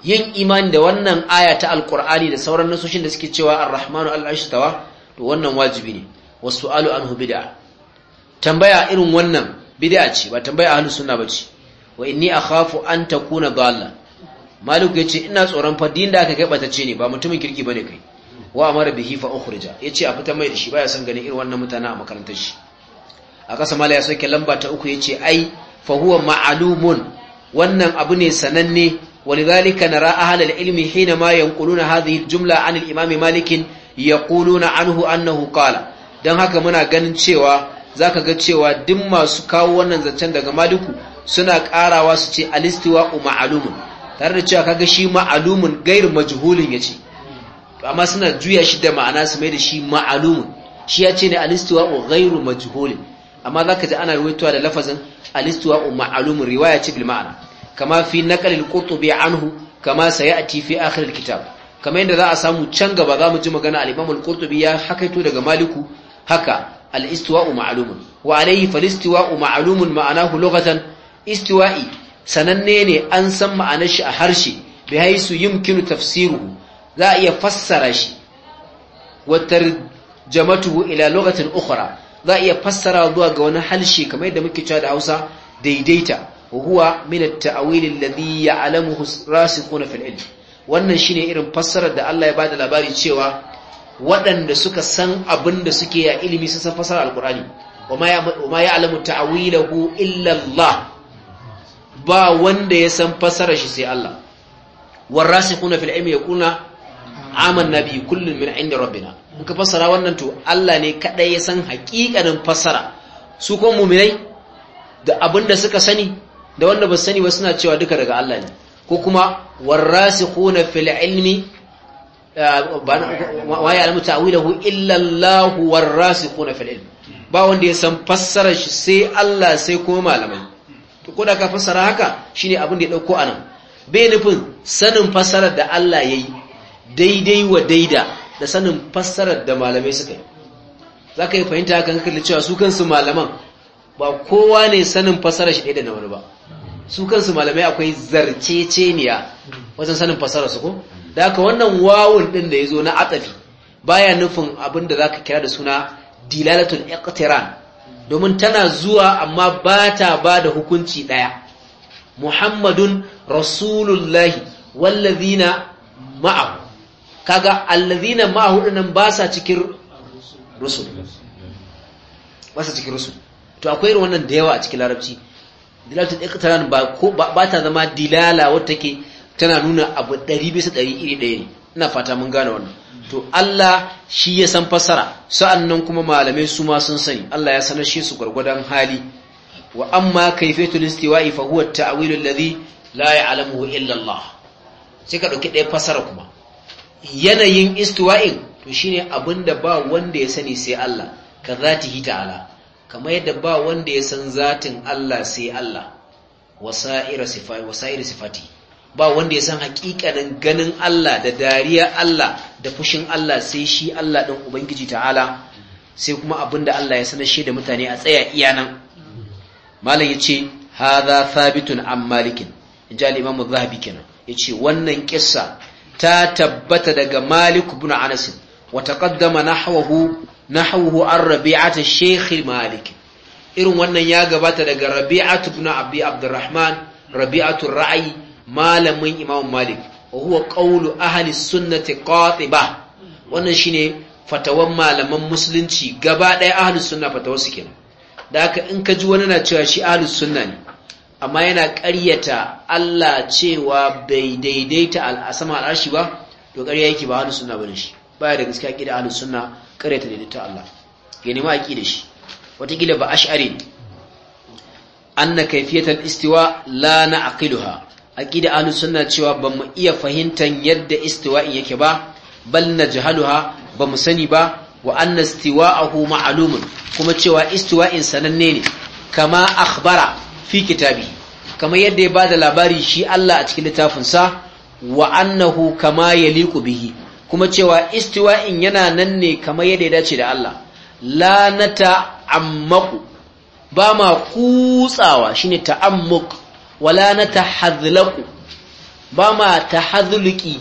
yin imani da wannan aya ta alqur'ani da sauran nasoshin da suke cewa arrahmanu rahmanu al-istawa to wannan wajibi ne wasu alu anhu bid'a tambaya irin wannan bid'a ce ba tambaya ahlus sunna ce wa inni akhafu an takuna dalla maliku yace ina tsoron fa din da aka kai bata ce ne ba mutumin kirki bane kai wa amara bihi fa ukhrija yace a fita mai da shi baya son ganin irin wannan mutana a makarantar shi a kasa mala ya soke lamba ta uku yace ai fa huwa ma'lumun wannan abu ne sananne ولذلك نرى أهل العلم حينما ينقلون هذه الجملة عن الإمام مالك يقولون عنه أنه قال dan haka muna ganin cewa zaka ga cewa duk masu kawo wannan zancen daga maliku suna ƙarawa su ce alistiwa'u ma'alumun tare da cewa kaga shi ma'alumun gairu majhulin yace amma suna juya shi da ma'ana su mai da shi ma'alumun shi ya ce ne alistiwa'u gairu majhulin amma zaka ji ana ruwaitowa da lafazin alistiwa'u ma'alumun riwaya ce bil ma'ana kama fi naqalil qutbi anhu kama saya a tifi al kitab kamar yadda za a samu can gaba za mu ji magana al-imam ya hakaito daga maliku haka al-istiwa'u ma'lumun wa alayhi fal-istiwa'u ma'lumun ma'anahu lughatan istiwa'i sananne ne an san ma'anar shi a harshe bi haisu yumkinu tafsiruhu za a iya fassara shi wa tarjamatuhu ila lokacin ukura za a iya fassara zuwa ga wani harshe kamar yadda muke cewa da Hausa daidaita huwa min at-ta'wil alladhi ya'lamuhu rasikhuna fil ilm wannan shine irin fassarar da Allah ya bada labari cewa waɗanda suka san abin da suke ya ilimi su san fassarar alqur'ani wa ma ya'lamu ta'wilahu illa Allah ba wanda ya san fasarar shi sai Allah warasikhuna fil ilmi yakuna amanna bi kullun min inda rabbina in ka fasara wannan to Allah ne kadai ya san hakikanin fasara. su kuma mu'minai da abinda suka sani da wanda ba sani ba suna cewa duka daga Allah ne ko kuma warasikhuna fil ilmi eh, wa ya'lamu ta'wilahu illa Allah warasikhuna fil ilmi ba wanda ya san fasarar shi sai Allah sai kuma malamai to ko da ka fassara haka shine abin da ya dauko anan bai nufin sanin fassarar da Allah yayi daidai wa daida da sanin fassarar da malamai suka yi zaka yi fahimta haka kan cewa su kansu malaman ba kowa ne sanin fassarar shi da na wani ba su kansu malamai akwai zarceceniya wajen sanin fassarar su ko da haka wannan wawun din da ya zo na atafi baya nufin abin da zaka kira da suna dilalatul iqtiran domin tana zuwa amma ba ta ba da hukunci ɗaya muhammadun rasulullahi wallazina ma'ahu kaga allazina ma'ahu ɗinan ba sa cikin rusul ba sa cikin rusul to akwai irin wannan da yawa a cikin larabci dilalatul iqtiran ba ba ta zama dilala wata take tana nuna abu ɗari bisa ɗari iri ɗaya ne ina fata mun gane wannan to Allah shi ya san fasara sa'annan kuma malamai su ma sun sani Allah ya sanar shi su gwargwadon hali wa amma kayfatul istiwa'i fa huwa at-ta'wil alladhi la ya'lamuhu illa Allah sai ka dauki ɗaya fasara kuma yanayin istiwa'in to shine abinda ba wanda ya sani sai Allah ka zatihi ta'ala kamar yadda ba wanda ya san zatin Allah sai Allah wasa'ir sifati wasa'ir sifati ba wanda ya san hakikanin ganin Allah da dariya Allah da fushin Allah sai shi Allah ɗin Ubangiji ta'ala sai kuma abinda Allah ya sanar shi da mutane a tsaya iya nan malam ya ce haza sabitun an malikin in ji zahabi kenan ya ce wannan kissa ta tabbata daga malik bin anasin wata ƙaddama na hauhu an rabi'ata shekhi malik irin wannan ya gabata daga rabi'atu bin abi abdurrahman rabi'atu ra'ayi malamin Imam Malik wa huwa qawlu ahli sunnati qatiba wannan shine fatawan malaman musulunci gaba ɗaya ahli sunna fatawar su kenan da haka in ka ji wani na cewa shi ahli sunna ne amma yana ƙaryata Allah cewa bai daidaita al'asama al'arshi ba to ƙarya yake ba ahli sunna bane shi baya da gaskiya kida ahli sunna ƙaryata daidaita Allah ya nemi aqida shi watakila ba ash'ari anna kayfiyatal istiwa la na'qiluha aqida ahlus sunna cewa bamu iya fahimtar yadda istiwa'i yake ba bal najhaluha ba mu sani ba wa anna istiwa'ahu ma'lumun kuma cewa istiwa'in sananne ne kama akhbara fi kitabi kama yadda ya bada labari shi Allah a cikin littafinsa wa annahu kama yaliqu bihi kuma cewa istiwa'in yana nan ne kama yadda ya dace da Allah la nata ammaku ba ma kutsawa shine ta'ammuk wala na tahadhlaku ba ma tahadhluki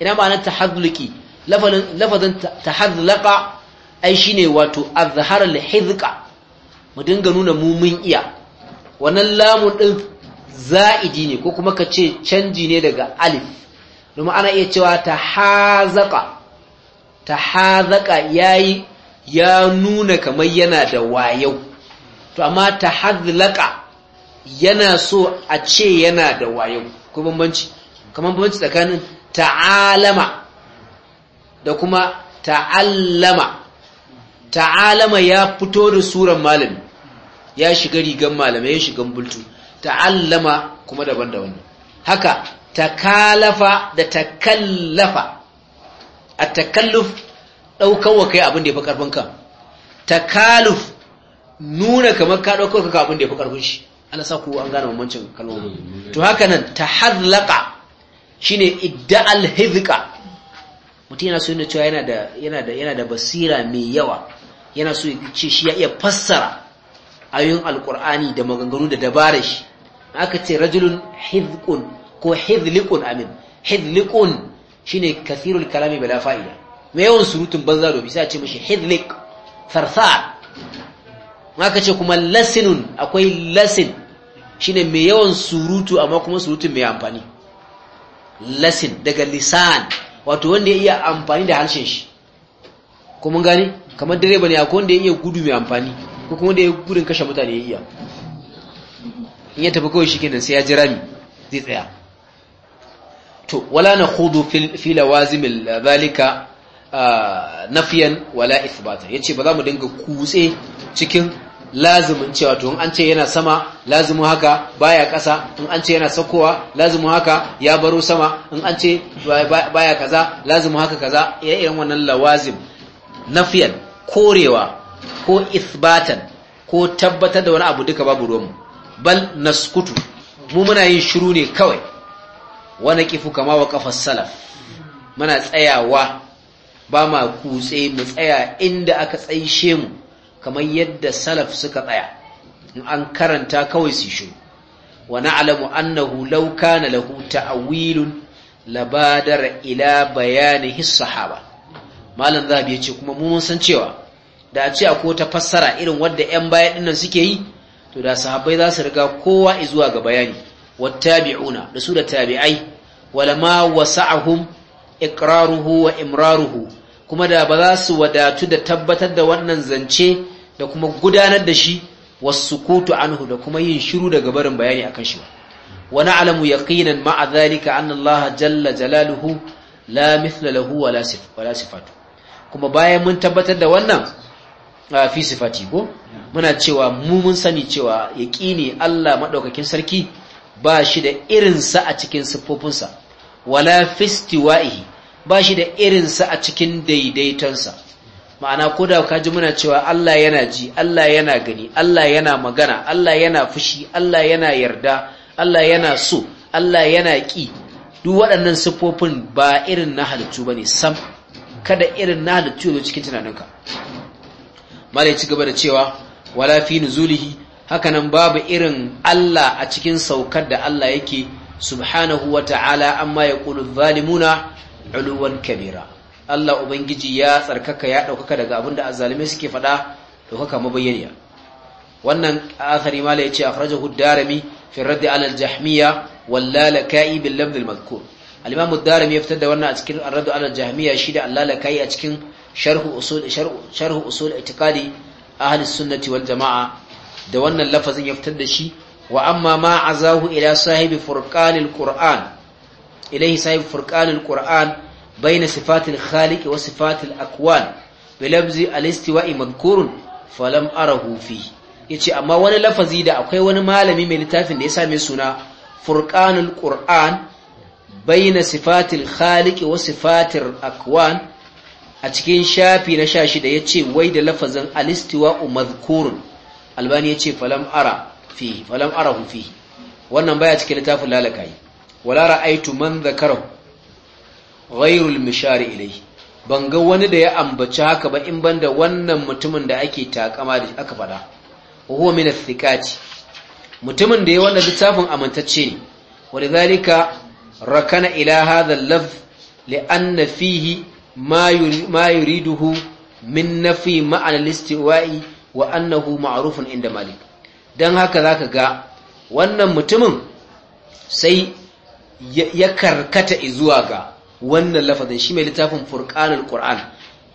ina ta tahadhluki lafazin tahadhlaka ai shine wato azhar alhizqa mu dinga nuna mu iya wannan lamun ɗin za'idi ne ko kuma ka ce canji ne daga alif domin ana iya cewa hazaka ta yayi ya nuna kamar yana da wayau to amma tahadhlaka yana so a ce yana da wayo ko bambanci kamar bambanci tsakanin ta'alama da kuma ta'allama ta'alama ya fito da suran malami ya shiga rigan malamai ya shiga bultu ta'allama kuma daban da wannan haka takalafa da takallafa a takalluf ɗaukan wa kai abin da ya fi ƙarfin ka ta'kalluf nuna kamar ka ɗaukar ka abin da ya fi ƙarfin shi sa ku an gane mamancin kalmomi to haka nan tahallaka shine idda alhidka. mutum yana so yana cewa yana da yana da yana da basira mai yawa yana so ya ce shi ya iya fassara ayoyin alqur'ani da maganganu da dabarar shi aka ce rajulun hidqun ko hidliqun amin hidliqun shine kathirul kalami bala fa'ida me yawan surutun banza do bisa a ce mishi hidliq farsa aka ce kuma lasinun akwai lasin shine mai yawan surutu amma kuma surutu mai amfani lasin daga lisan wato wanda ya iya amfani da harshen shi ko gani kamar kamar ba ne akwai wanda ya iya gudu mai amfani ko kuma wanda ya gudun kashe mutane ya iya in ya tafi kawai shikenan sai ya jira mi zai tsaya to wala na khudu fi lawazim zalika ah, nafiyan wala ithbata yace ba za mu dinga kutse cikin lazimin cewa to an ce yana sama lazimin haka baya ƙasa in an ce yana sakowa lazimin haka ya baro sama in an ce baya kaza lazimin haka kaza irin wannan lawazim nafiyan korewa ko isbatan ko tabbatar da wani abu duka babu ruwanmu bal naskutu mu muna yin shiru ne kawai wani kifu kama wa kafar salaf muna tsayawa ba ma kutse mu tsaya inda aka tsaishe mu kamar yadda salaf suka tsaya in an karanta kawai su shiru wa na'lamu annahu law kana lahu ta'wilun labadara ila bayanihi sahaba malam zabi yace kuma mu mun san cewa da a ce akwai ta fassara irin wadda ƴan baya dinnan suke yi to da sahabbai za su riga kowa izuwa ga bayani wattabi'una da su da tabi'ai walama wasa'ahum iqraruhu wa imraruhu kuma da ba za su wadatu da tabbatar da wannan zance da kuma gudanar da shi wasu wasukutu anhu da kuma yin shiru daga barin bayani akan shi wa alamu yaqinan ma'a dhalika anna Allah jalla jalaluhu la mithla lahu wala sif wala sifatu kuma bayan mun tabbatar da wannan fi sifati ko muna cewa mu mun sani cewa yaqini Allah madaukakin sarki ba shi da irinsa a cikin siffofinsa wala fistiwa'ihi ba shi da irinsa a cikin daidaitonsa ma'ana ko da ka ji muna cewa Allah yana ji Allah yana gani Allah yana magana Allah yana fushi Allah yana yarda Allah yana so Allah yana ƙi duk waɗannan siffofin ba irin na halittu ba ne sam kada irin na halittu zo cikin tunaninka malai ci gaba da cewa wala fi nuzulihi hakanan babu irin Allah a cikin saukar da Allah yake subhanahu wata'ala amma ya ƙulu zalimuna uluwan kabira Allah ubangiji ya tsarkaka ya ɗaukaka daga abin da azzalumai suke faɗa ɗaukaka mabayyaniya wannan akhari mala yace akhrajahu ad-darimi fi ar-radd 'ala al-jahmiyya wallalaka'i bil lafz al-madhkur al-imam ad-darimi ya fitar da wannan a cikin ar-radd 'ala al-jahmiyya shi da allalaka'i a cikin sharh usul sharh usul i'tiqadi ahli sunnati wal jama'a da wannan lafazin ya fitar da shi wa amma ma azahu ila sahibi furqan al-qur'an ilayhi sahibi furqan al-qur'an بين صفات الخالق وصفات الأكوان بلبز الاستواء مذكور فلم أره فيه yace amma wani lafazi da akwai wani malami mai littafin da ya same suna furqanul qur'an baina sifatil khaliq wa sifatir akwan a cikin shafi na 16 yace wai da lafazin alistiwa'u madhkurun albani yace falam ara fi falam arahu fi wannan baya cikin littafin lalakai wala ra'aitu man dhakarahu ghairul mishari ilai ban ga wani da ya ambaci haka ba in banda wannan mutumin da ake takama da aka fada huwa min athiqati mutumin da ya wannan littafin amintacce ne walidhalika rakana ila hadha al-lafz anna fihi ma yuriduhu min nafi ma'ana al-istiwa'i wa annahu ma'rufun inda malik dan haka zaka ga wannan mutumin sai ya karkata izuwa ga wannan lafazin shi mai littafin furqanul qur'an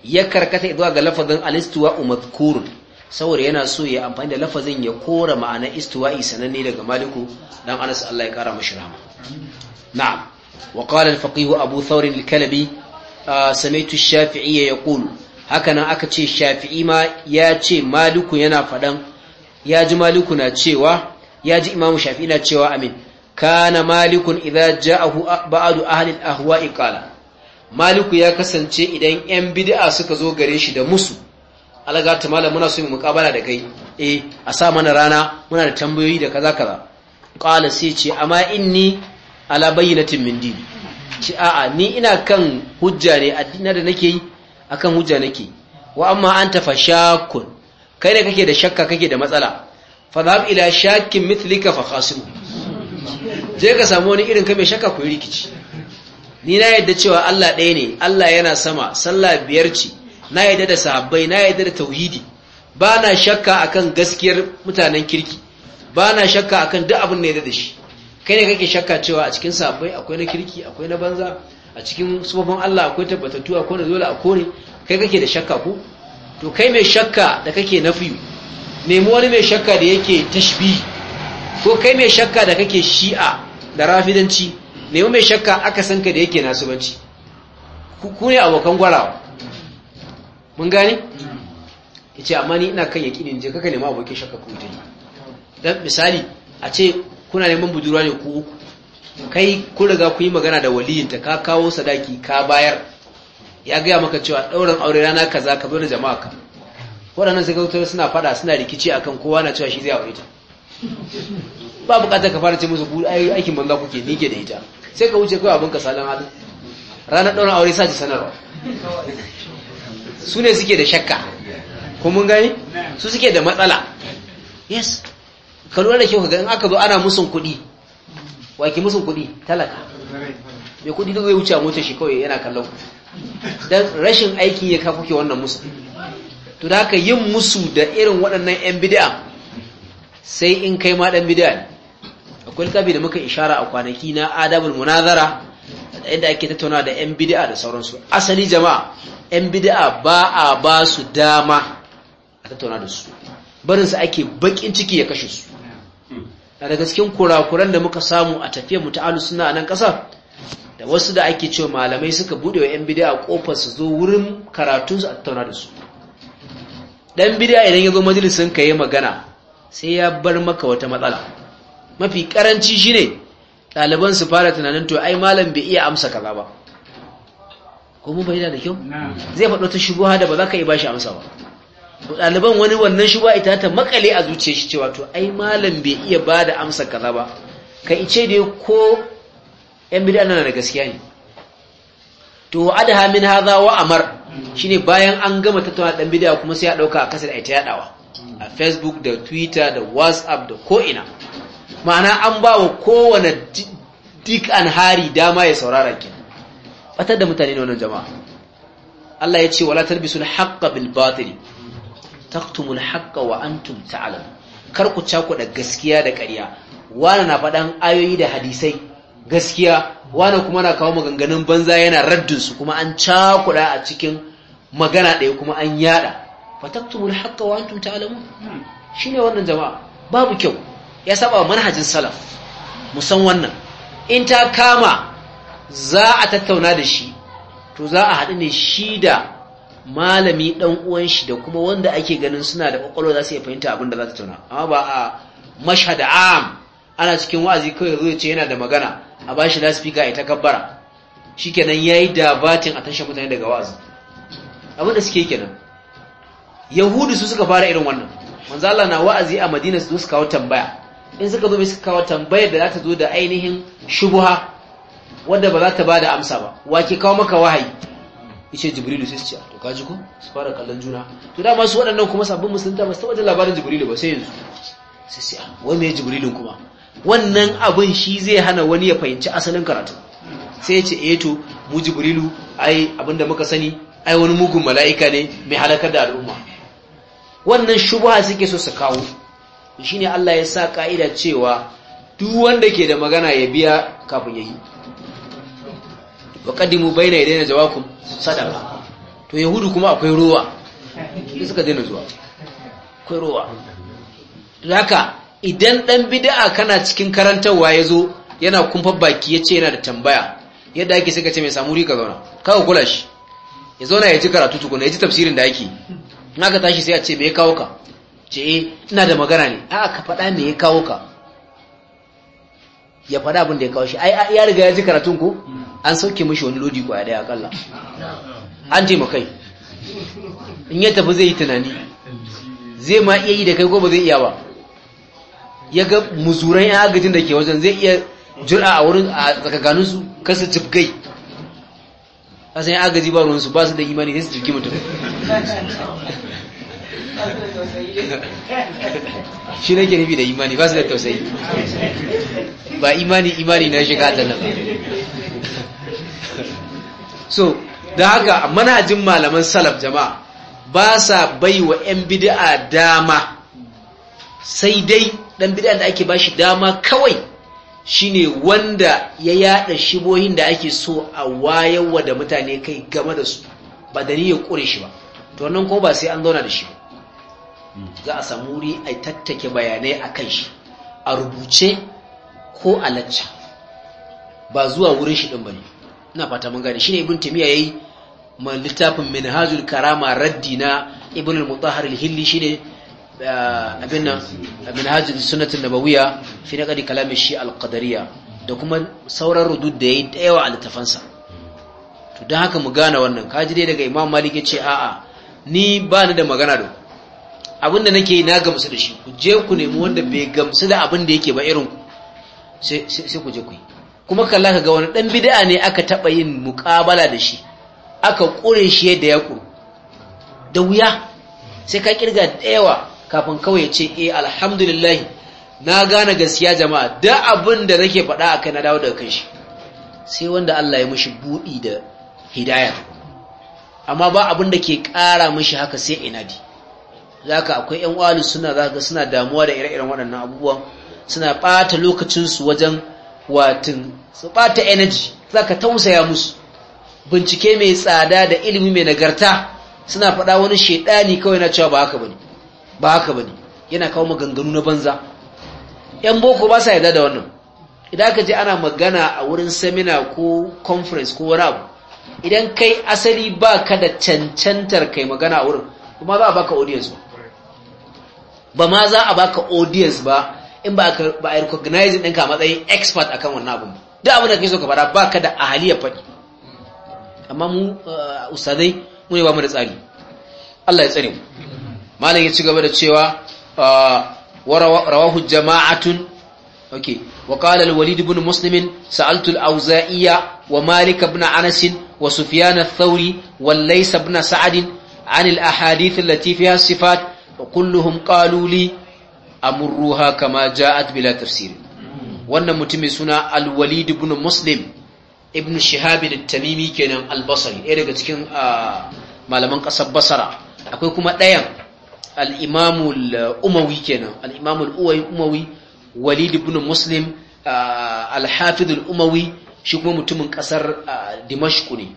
ya karkata zuwa ga lafazin alistuwa umadhkurun saboda yana so ya amfani da lafazin ya kora ma'ana istiwa'i sananne daga maliku dan Anas Allah ya kara mashi rahama na'am wa qala al-faqih Abu Thawr al-Kalabi ah, sami'tu ash-Shafi'i yaqulu hakanan aka ce Shafi'i ma ya ce maliku yana fadan ya ji maliku na cewa ya ji imamu Shafi'i na cewa amin kana malikun idza ja'ahu ba'du ahli al-ahwa'i qala maliku ya kasance idan yan bid'a suka zo gare shi da musu alaga ta malam muna so mu mukabala da kai E, a sa mana rana muna da tambayoyi da kaza kaza qala sai ce amma inni ala bayyinatin min dini ce a'a ni ina kan hujja ne addina da nake yi akan hujja nake wa amma anta fashakun kai ne kake da shakka kake da matsala fadhab ila shakin mithlika fa khasimu je ka samu wani irin ka mai shakka ku yi rikici ni na yadda cewa Allah ɗaya ne Allah yana sama sallah biyar ce na yadda da sahabbai na yadda da tauhidi ba na shakka akan gaskiyar mutanen kirki ba na shakka akan duk abin da ya da shi kai ne kake shakka cewa a cikin sahabbai akwai na kirki akwai na banza a cikin sufafin Allah akwai tabbatattu akwai na dole akwai ne kai kake da shakka ko to kai mai shakka da kake nafiyu nemi wani mai shakka da yake tashbihi ko kai mai shakka da kake shi'a da rafidanci nemi mai shakka aka san ka da yake nasubanci ku ne abokan gwarawa mun gane ce amma ni ina kan yakinin ne kaka nema abokin shakka ku dai Don misali a ce kuna neman budurwa ne ku kai ku riga ku yi magana da waliyinta ka kawo sadaki ka bayar ya gaya maka cewa ɗaurin aure rana kaza ka bai da jama'a ka waɗannan sai kautar suna faɗa suna rikici akan kowa na cewa shi zai aure ta ba bukatar ka fara ce musu aikin banza kuke ni ke da ita sai ka wuce kawai abinka salon halin ranar ɗaura aure sa ce sanarwa su ne suke da shakka kuma gani su suke da matsala yes ka lura da kyau ga in aka zo ana musun kuɗi waki musun kuɗi talaka mai kuɗi duk zai wuce a motar shi kawai yana kallon ku don rashin aiki ya kafuke wannan musu to da haka yin musu da irin waɗannan 'yan bidiyan sai in kai ma ɗan bid'a ne akwai kabi da muka ishara a kwanaki na adabul munazara inda ake tattauna da yan bid'a da sauransu asali jama'a yan bid'a ba a ba su dama a tattauna da su barin su ake bakin ciki ya kashe su daga cikin kurakuran da muka samu a tafiyar mu ta alu a nan kasar da wasu da ake cewa malamai suka bude wa yan bida'a kofar su zo wurin karatun su a tattauna da su ɗan bid'a idan ya zo majalisin ka yi magana sai ya bar maka wata matsala mafi karanci ne ɗaliban su fara tunanin to ai malam bai iya amsa kaza ba ko bai bayyana da kyau zai faɗo ta shubuha da ba za ka yi bashi amsa ba ɗaliban wani wannan a ita ta makale a zuciyar shi cewa to ai malam bai iya bada da amsa kaza ba ka ice dai ko yan bid'a nan da gaskiya ne to adaha min hadha wa amar hmm. shine bayan an gama tattauna ɗan bid'a kuma sai ya dauka a kasar ai ta yadawa facebook da twitter da whatsapp da ko'ina ma'ana an ba wa kowane dik an hari dama ya saurara ki ɓatar da mutane wannan jama'a Allah ya ce wala tarbisul sun bil bilbatiri. Taktumun haƙa wa antum ta'lam kar ku da gaskiya da ƙarya wani na faɗan ayoyi da hadisai gaskiya wani kuma na kawo maganganun banza yana raddin su kuma an kuɗa a cikin magana ɗaya kuma an yada fataktumu alhaq wa antum ta'lamun shine wannan jama'a babu kyau ya saba manhajin salaf musan wannan in ta kama za a tattauna da shi to za a haɗu ne shi da malami dan uwan shi da kuma wanda ake ganin suna da ƙwaƙwalwa za su fahimta abin da za ta tauna amma ba a mashhad am ana cikin wa'azi kawai zo ce yana da magana a bashi lasfika ya takabbara shikenan yayi dabatin a tashin mutane daga wa'azi abin da suke kenan yahudu su suka fara irin wannan manzo Allah na wa'azi a Madina su suka kawo tambaya in suka zo su kawo tambayar da za ta zo da ainihin shubha wanda ba za ta bada amsa ba wa ke kawo maka wahayi yace Jibrilu sai ce to kaji ko su fara kallon juna to da su waɗannan kuma sabbin musulunta ba su taɓa jin labarin Jibrilu ba sai yanzu sai sai ah, wai me jibrilu kuma wannan abin shi zai hana wani ya fahimci asalin karatu sai ya ce eh to mu Jibrilu ai abinda muka sani ai wani mugun mala'ika ne mai halakar da al'umma wannan shubha suke so su kawo shine Allah ya sa ka'ida cewa duk wanda ke da magana ya biya kafin yayi wa qaddimu baina yadayna jawakum sadaqa to yahudu kuma akwai ruwa suka daina zuwa akwai ruwa haka idan dan bid'a kana cikin karantarwa yazo yana kumfar baki yace yana da tambaya yadda ake suka ce mai samu rika zauna kawo kula shi ya zauna ya ji karatu tukuna ya ji tafsirin da ake Na aka tashi sai a ce me ya kawo ka ce eh ina da magana ne a'a ka faɗa me ya kawo ka ya faɗa abin da ya kawo shi ai ya riga ya ji karatun ku an sauke mishi wani lodi a daya akalla an taimakai in ya tafi zai yi tunani zai ma iya yi da kai ko ba zai iya ba ya ga muzuran yan agajin da ke wajen zai iya jura a wurin a tsakaganinsu kasa cibgai. kasan yan agaji ba ruwansu ba su da imani sai su jirgi mutum shi nake nufi da imani ba su da tausayi ba imani imani na shiga a ba so da haka manajin malaman salaf jama'a ba sa bai wa 'yan bidi'a dama sai dai dan bidi'a da ake ba shi dama kawai shine wanda ya yada shibohin da ake so a wayar wa da mutane kai game da su ba da niyyar kure shi ba to wannan ko ba sai an zauna da shi ba za a samu wuri a tattake bayanai a kan shi a rubuce ko a lacca ba zuwa wurin shi din ba ne ina fata mun gane shi ibn timiya yayi ma littafin minhajul karama raddi na ibn al-mutahhar al-hilli shine abin nan abin da sunatun nabawiya fi na kadi kalamin shi alkadariya da kuma sauran rudud da ya yi dayawa a littafansa to don haka mu gane wannan kaji dai daga imam malik ya ce a'a ni ba ni da magana da abin da nake yi na gamsu da shi ku je ku nemi wanda bai gamsu da abin da yake ba irin ku sai ku je ku yi kuma kalla ka ga wani dan bid'a ne aka taba yin muƙabala da shi aka kure shi yadda ya ƙuru da wuya sai ka kirga da yawa kafin kawai ya ce eh alhamdulillah na gane gaskiya jama'a da abin da nake faɗa a kai na dawo daga kanshi shi sai wanda Allah ya mishi buɗi da hidaya amma ba abin da ke ƙara mishi haka sai inadi zaka akwai ƴan walu suna zaka suna damuwa da ire-iren waɗannan abubuwan suna ɓata lokacinsu wajen watin su ɓata energy zaka tausaya musu bincike mai tsada da ilimi mai nagarta suna faɗa wani shaidani kawai na cewa ba haka bane ba haka bane yana kawo maganganu na banza yan boko ba sa yarda da wannan idan aka je ana magana a wurin seminar ko conference ko wani abu idan kai asali ba ka da cancantar kai magana a wurin kuma za a baka audience ba ba ma za a baka audience ba in ba a recognize ɗinka matsayin expert akan wannan abin da abin da kai so ka fara ba ka da ya faɗi amma mu eh, Ustazai, mu ne ba mu da tsari Allah ya tsare mu malam ya ci gaba da cewa ah, rawahu jama'atun okay wa qala al-walid ibn muslim sa'altu al-awza'iyya wa malik ibn anas wa sufyan ath-thawri wa lays ibn sa'd an al-ahadith allati fiha sifat wa kulluhum qalu li amruha kama ja'at bila tafsir wannan mutumin suna al-walid ibn muslim ibn shihab al-tamimi kenan al-basri ɗaya daga cikin ah, malaman ƙasar basara akwai kuma ɗayan al'imamul umawi kenan al'imamul umawi walid ibn muslim alhafidul umawi shi kuma mutumin kasar dimashku ne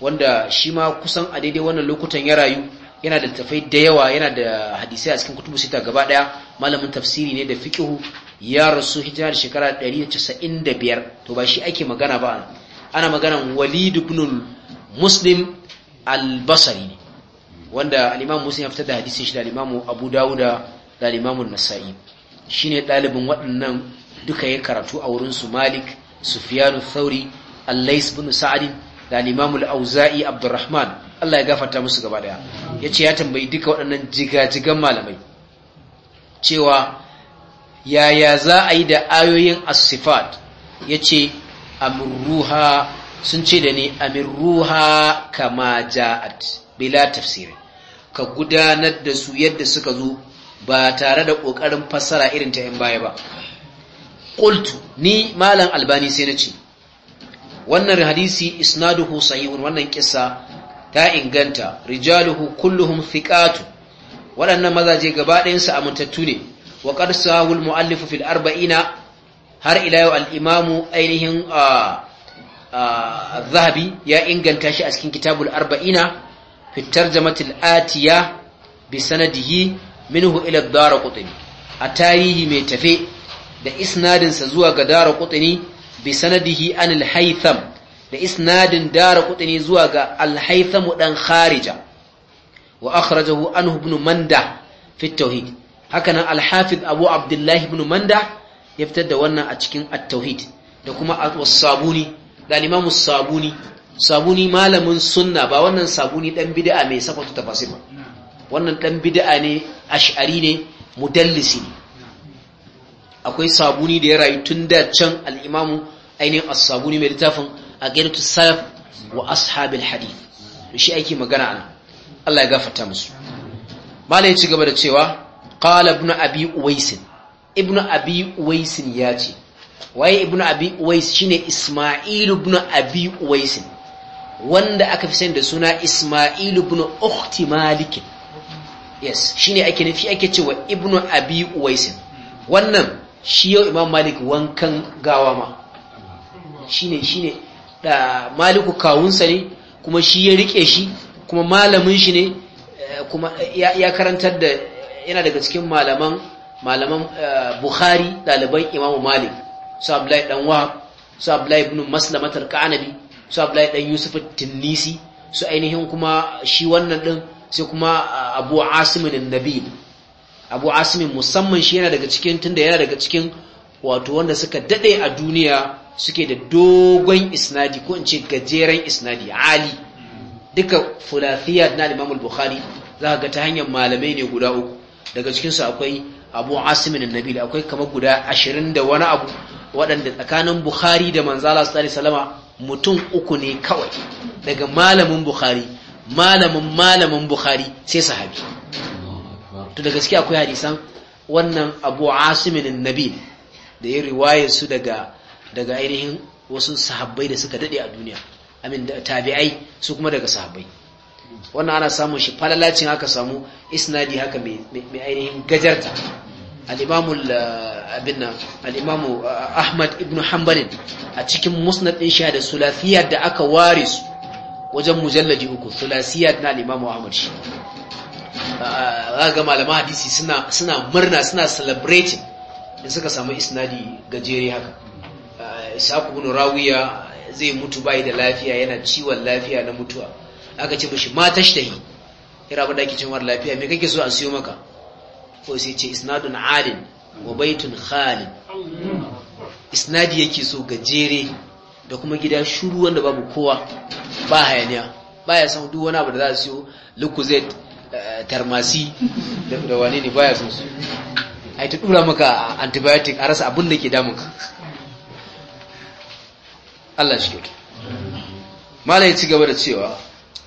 wanda shi ma kusan a daidai wannan lokutan ya rayu yana da tafai da yawa yana da hadisai a cikin kutubu sita gaba daya malamin tafsiri ne da fiqhu ya rasu hijira da shekara 195 to ba shi ake magana ba ana maganan walid ibn muslim al-basri ne wanda al-Imam ya fitar da hadisi shi da al-Imam Abu Dawud da al-Imam nasai shine dalibin waɗannan duka ya karatu a wurin su Malik Sufyan Sauri, thawri al bin da al-Imam auzai Abdurrahman Allah ya gafarta musu gaba daya yace ya tambayi duka waɗannan jigajigan malamai cewa yaya za a yi da ayoyin as-sifat yace amruha sun ce da ni amirruha kama ja'at bila tafsiri ka gudanar da su yadda suka zo ba tare da ƙoƙarin fassara irin ta 'yan baya ba ƙultu ni malam albani sai na ce wannan hadisi isnaduhu sahihun wannan kisa ta inganta rijaluhu kulluhum thiqatu waɗannan mazaje gaba ɗayan amintattu ne wa qad sahu fil arba'ina har ila yau al imamu ainihin ah, ah, zahabi ya inganta shi a cikin kitabul arba'ina fi tarjamatil atiya bi sanadihi minhu ila ad-darqutni a tarihi mai tafe da isnadin zuwa ga darqutni bi sanadihi an al-haytham da isnadin darqutni zuwa ga al ɗan kharija wa akhrajahu anhu ibn manda fi at hakanan al-hafiz abu abdullah ibn manda ya fitar da wannan a cikin at-tauhid da kuma as-sabuni da al sabuni sabuni malamin sunna ba wannan sabuni dan bid'a mai safatu tafasir ba wannan dan bid'a ne ash'ari ne mudallisi ne akwai sabuni da ya rayu tun da can al-imamu ainihin as-sabuni mai littafin aqidatu salaf wa ashabil hadith shi ake magana ana Allah ya gafarta musu malai ya ci gaba da cewa qala ibn abi uwais ibn abi uwais ya ce waye ibn abi uwais shine isma'il ibn abi uwais wanda aka fi sani da suna Isma'il ibn Ukhti Malik yes shine ake nufi ake cewa Ibn Abi Uwais wannan shi yau Imam Malik wankan gawa ma shine shine da Maliku kawunsa ne kuma shi ya rike shi kuma malamin shi ne eh, kuma ya karantar da yana daga cikin malaman malaman eh, Bukhari ɗaliban Imam Malik su Abdullahi dan wa su Abdullahi ibn Maslamatul Qanabi su Abdullahi dan Yusuf Tinnisi su ainihin kuma shi wannan din sai kuma ah, Abu Asim nabil Abu Asim musamman shi yana daga cikin tunda yana daga cikin wato wanda suka dade a duniya suke da dogon isnadi ko in ce gajeren isnadi ali duka fulafiyat na Imam Bukhari za ga ta hanyar malamai ne guda uku daga cikinsu akwai abu asimin nabil akwai kamar guda ashirin da wani abu waɗanda tsakanin bukhari da manzala sallallahu alaihi mutum uku ne kawai daga malamin bukhari malamin malamin bukhari sai sahabi to daga ciki akwai hadisan wannan abu asimin nabil da ya riwaya su daga daga ainihin wasu sahabbai da suka dade a duniya amin da tabi'ai su kuma daga sahabbai wannan ana samun shi falalacin haka samu isnadi haka mai ainihin gajarta al-imamu abin ahmad ibn hanbalin a cikin musnad din shi da sulasiyar da aka ware su wajen mujalladi uku sulasiyar na al-imamu ahmad shi ga malama hadisi suna suna murna suna celebrating in suka samu isnadi gajere haka isaku bin rawiya zai mutu bai da lafiya yana ciwon lafiya na mutuwa aka ce mishi ma tashtahi ira ba da ake cin lafiya me kake so a siyo maka ko sai ce isnadun alin wa baitun khalin isnadi yake so gajere da kuma gida shuru wanda babu kowa ba hayaniya ya san duk wani abu da za su yi zai eh, tarmasi da wane ne baya son su a yi ta dura maka antibiotic a rasa abin da ke damuka Allah shi kyautu mala ya ci gaba da cewa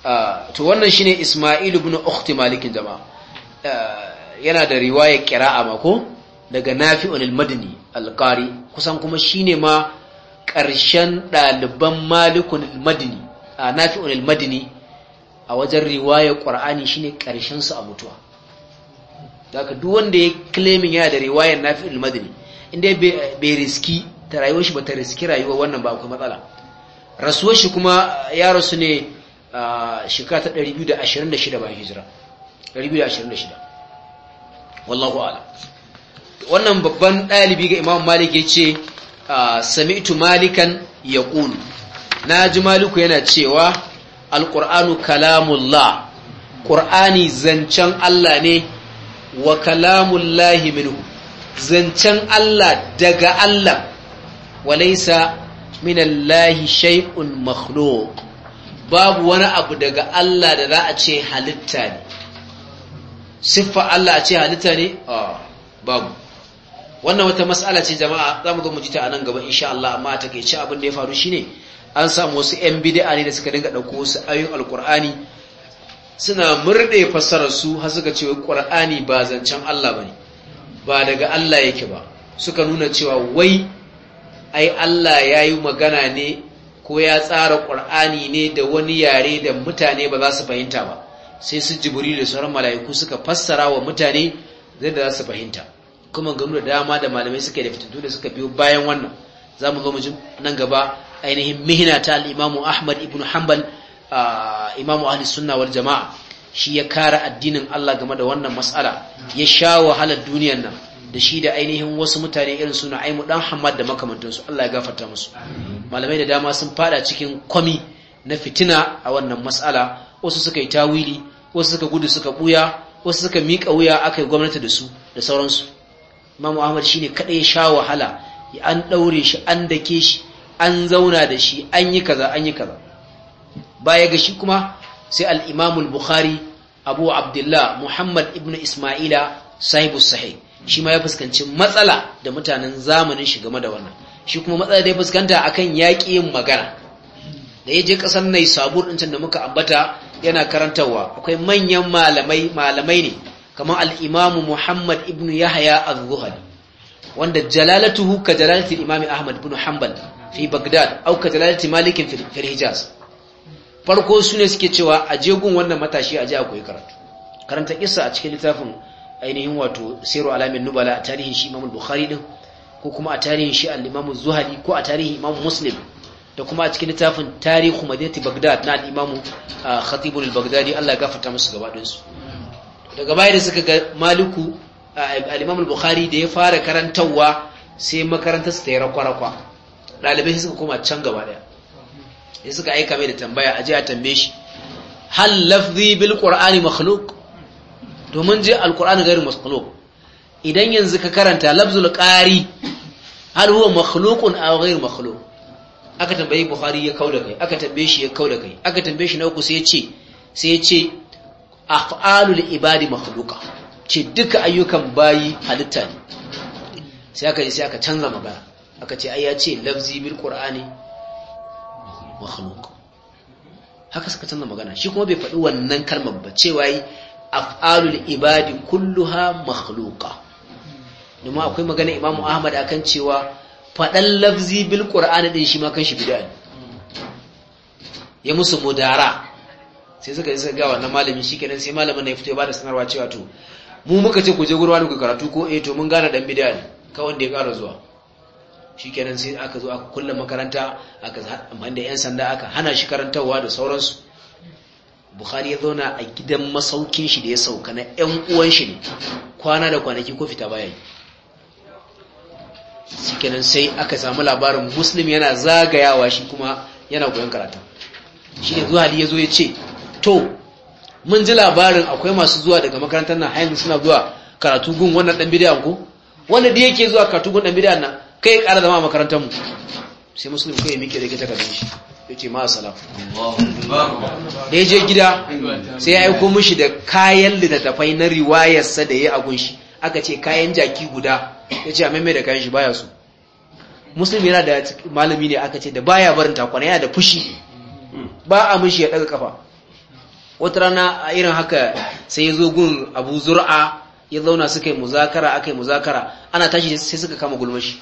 ah, to wannan shine Isma'il ibn Ukhti Malikin jama'a eh, yana da riwaya kira'a ma ko daga nafi'un al-madani al-qari kusan kuma shine ma ƙarshen ɗaliban malikun al-madani a nafi'un al-madani a wajen riwaya qur'ani shine ƙarshen su a mutuwa daga duk wanda ya claiming yana da riwaya nafi'un al-madani inda bai riski ta rayuwar shi ba ta riski rayuwar wannan ba akwai matsala rasuwar shi kuma ya rasu ne shekara ta 226 ba hijira 226 wallahu ala wannan babban ɗalibi ga imam malik ya ce ah, sami'tu malikan ya ƙunu na ji maliku yana cewa alƙur'anu kalamullah ƙur'ani zancen allah ne wa kalamullahi minhu zancen allah daga allah walaisa minallahi shay'un makhluq babu wani abu daga allah da za a ce halitta ne siffa Allah a ce halitta ne a ah. babu wannan wata matsala ce jama'a za mu zo mu ji ta nan gaba insha Allah amma ta kai ci abin da ya faru shi ne? an samu wasu ƴan bid'a ne da suka dinga ɗauko wasu ayoyin alkur'ani suna murɗe fassarar su har suka ce qur'ani ba zancen Allah bane ba daga Allah yake ba suka nuna cewa wai ai Allah ya yi magana ne ko ya tsara qur'ani ne da wani yare da mutane ba za su fahimta ba sai su jiburi da sauran mala'iku suka fassara wa mutane zai da za su fahimta kuma ganu da dama da malamai suka da fitattu da suka biyo bayan wannan za mu zo mu ji nan gaba ainihin mihina ta al'imamu ahmad ibn hanbal imamu ahli sunna wal jama'a shi ya kara addinin allah game da wannan masala ya sha wahalar duniyar nan da shi da ainihin wasu mutane irin suna aimu dan hammad da makamantansu allah ya gafarta musu malamai da dama sun fada cikin kwami na fitina a wannan matsala wasu suka yi tawili wasu suka gudu suka buya wasu suka miƙa wuya aka yi gwamnati da su da sauransu imamu ahmad ne kaɗai ya sha wahala an ɗaure shi an dake shi an zauna da shi an yi kaza an yi kaza baya ga shi kuma sai al'imamul bukhari abu abdullah muhammad ibn ismaila sahibu sahih shi ma ya fuskanci matsala da mutanen zamanin shi game da wannan shi kuma matsala da ya fuskanta akan yaƙi yin magana da ya je ƙasar nai sabur ɗin da muka ambata yana karantarwa akwai manyan malamai malamai ne kamar al Muhammad ibn Yahya az wanda jalalatuhu ka jalalatin imami Ahmad ibn Hanbal fi bagdad au ka malikin Malik fi Hijaz farko sune suke cewa a jegun wannan matashi a je a koyi karatu karanta a cikin littafin ainihin wato sero Alamin Nubala a tarihin shi Imam al-Bukhari din ko kuma a tarihin shi al-Imam zuhari ko a tarihin Imam Muslim da kuma a cikin littafin tarihu madinati bagdad na al'imamu khatibul bagdadi Allah ya gafarta musu gabaɗinsu daga baya da suka ga maliku al'imamul bukhari da ya fara karantarwa sai makarantar su ta yi rakwa-rakwa ɗalibai suka koma can gaba ɗaya sai suka aika mai da tambaya a je a tambaye shi hal lafzi bil qur'ani makhluq domin je Al-Qur'an alqur'ani gairu makhluq idan yanzu ka karanta lafzul qari hal huwa makhluqun aw ghairu makhluq aka tambaye buhari ya kauda kai aka tambaye shi ya kauda kai aka tambaye shi na uku sai ya ce sai ya ce af'alul ibadi makhluqa ce duka ayyukan bayi halitta ne sai aka sai aka canza magana aka ce ai ya ce lafzi bil qur'ani makhluq haka suka canza magana shi kuma bai faɗi wannan kalmar ba cewa yi af'alul ibadi kulluha makhluqa domin akwai magana Imam ahmad akan cewa faɗan lafzi bil ƙura'ani ɗin shi ma kan shi bida ya musu mudara sai suka isa ga wannan malamin shi kenan sai malamin na ya fito ya bada sanarwa cewa to mu muka ce ku je gurwa ku karatu ko eh to mun gane dan bida ne kawai da ya ƙara zuwa shi kenan sai aka zo aka kulle makaranta aka da yan sanda aka hana shi karantarwa da sauransu bukhari ya zauna a gidan masaukin shi da ya sauka na yan uwan shi ne kwana da kwanaki ko fita bayan. shikenan sai aka samu labarin muslim yana zagayawa shi kuma yana koyon karatun. shi ne zuwa ya zo ya ce to mun ji labarin akwai masu zuwa daga makarantar nan hayan suna zuwa karatu gun wannan dan bidiyan ku? wanda da yake zuwa karatu gun dan bidiyan nan kai ƙara zama makarantar mu sai muslim kai miki da kita kadan shi yace ma salam da ya je gida sai ya aiko mishi da kayan littattafai na riwayarsa da ya gun shi aka ce kayan jaki guda ya ce a maimai da kayan shi baya su Musulmi yana da malami ne aka ce da baya barin takwana yana da fushi ba a mishi ya daga kafa wata rana a irin haka sai ya zo gun abu zur'a ya zauna suka yi muzakara aka yi muzakara ana tashi sai suka kama gulmashi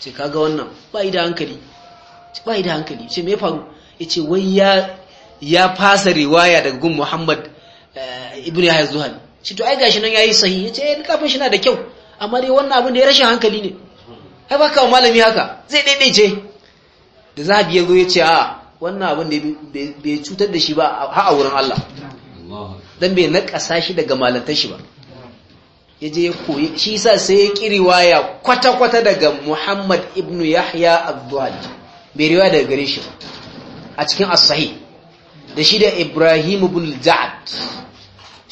ce kaga wannan ba da hankali ba da hankali ce mai faru ya ce wai ya fasa riwaya daga gun muhammad eh, ibn yahya Zuhal? shi to ai gashi nan yayi sahi yace eh kafin shi na da kyau amma dai wannan abin da ya rashin hankali ne ai baka wa malami haka zai ce. da zahabi ya zo ya a wannan abin da bai cutar da shi ba ha a wurin Allah dan bai nakasa shi daga malantar shi ba yaje je ya koyi shi yasa sai ya kiri waya kwata-kwata daga Muhammad ibn Yahya Abdul bai riwaya daga gare shi a cikin as da shi da Ibrahim ibn Ja'ad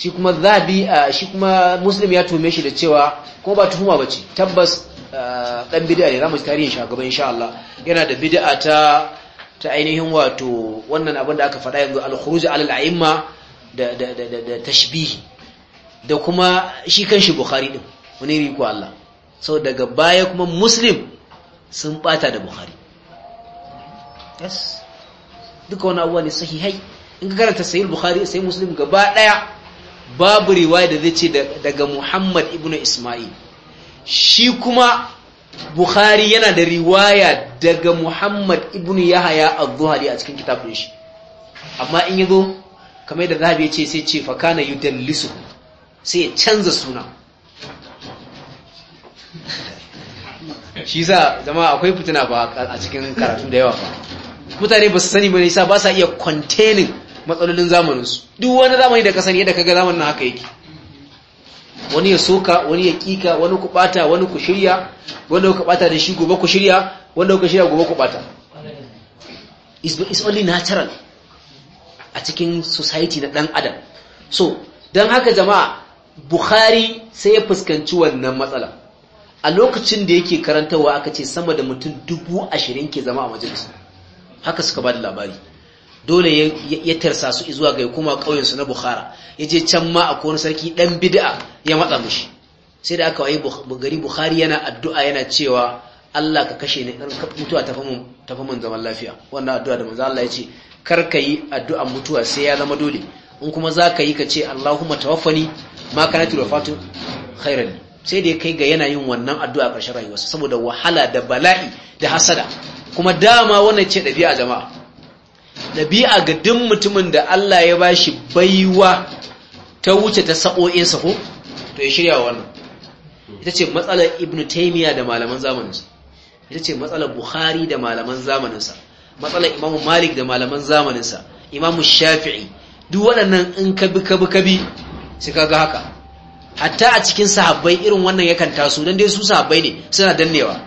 shi kuma zabi shi kuma muslim ya tume shi da cewa kuma ba tuhuma bace tabbas dan bid'a ne zamu tarihin shi a gaba insha Allah yana da bid'a ta ta ainihin wato wannan abin da aka faɗa yanzu al-khuruj ala al-a'imma da da da tashbihi da kuma shi kanshi bukhari din wani riko Allah sau daga baya kuma muslim sun bata da bukhari yes duka wani abuwa ne sahihai in ka karanta sayi bukhari sai muslim gaba daya babu riwaya da zai ce daga Muhammad ibn Ismail shi kuma Bukhari yana da riwaya daga Muhammad ibn Yahaya az-Zuhari a cikin kitabun shi amma in yazo kamar da Zahabi yace sai ce fa kana yudallisu sai ya canza suna shi sa zama akwai fitina ba a cikin karatu da yawa ba mutane ba su sani ba ne ba sa iya containing matsalolin zamaninsu duk wani zamani da ka sani yadda kaga zamanin haka yake wani ya soka wani ya kika wani ku bata wani ku shirya wanda ku bata da shi gobe ku shirya wanda ku shirya gobe ku bata is only natural a cikin society na dan adam so dan haka jama'a bukhari sai ya fuskanci wannan matsala a lokacin da yake karantarwa aka ce sama da mutum dubu ashirin ke zama a majalisa haka suka ba da labari dole ya tarsa su zuwa ga kuma ƙauyensu na bukhara ya je can ma a wani sarki ɗan bid'a ya matsa mushi sai da aka yi gari bukhari yana addu'a yana cewa allah ka kashe ni mutuwa ta mun zaman lafiya wannan addu'a da manzo allah ya ce kar ka yi addu'an mutuwa sai ya zama dole in kuma za ka yi ka ce allahumma tawaffani ma kana tilafatu khairan sai da ya kai ga yana yin wannan addu'a ƙarshen rayuwarsa saboda wahala da bala'i da hasada kuma dama wannan ce ɗabi'a jama'a ɗabi'a ga duk mutumin da Allah ya ba shi baiwa ta wuce ta sa'o'insa ko to ya shirya wa wannan ita ce matsalar ibn taimiyya da malaman zamaninsa ita ce matsalar buhari da malaman zamaninsa matsalar imamu malik da malaman zamaninsa imamu shafi'i duk waɗannan in ka bi ka bi ka bi su kaga haka hatta a cikin sahabbai irin wannan yakan taso don dai su sahabbai ne suna dannewa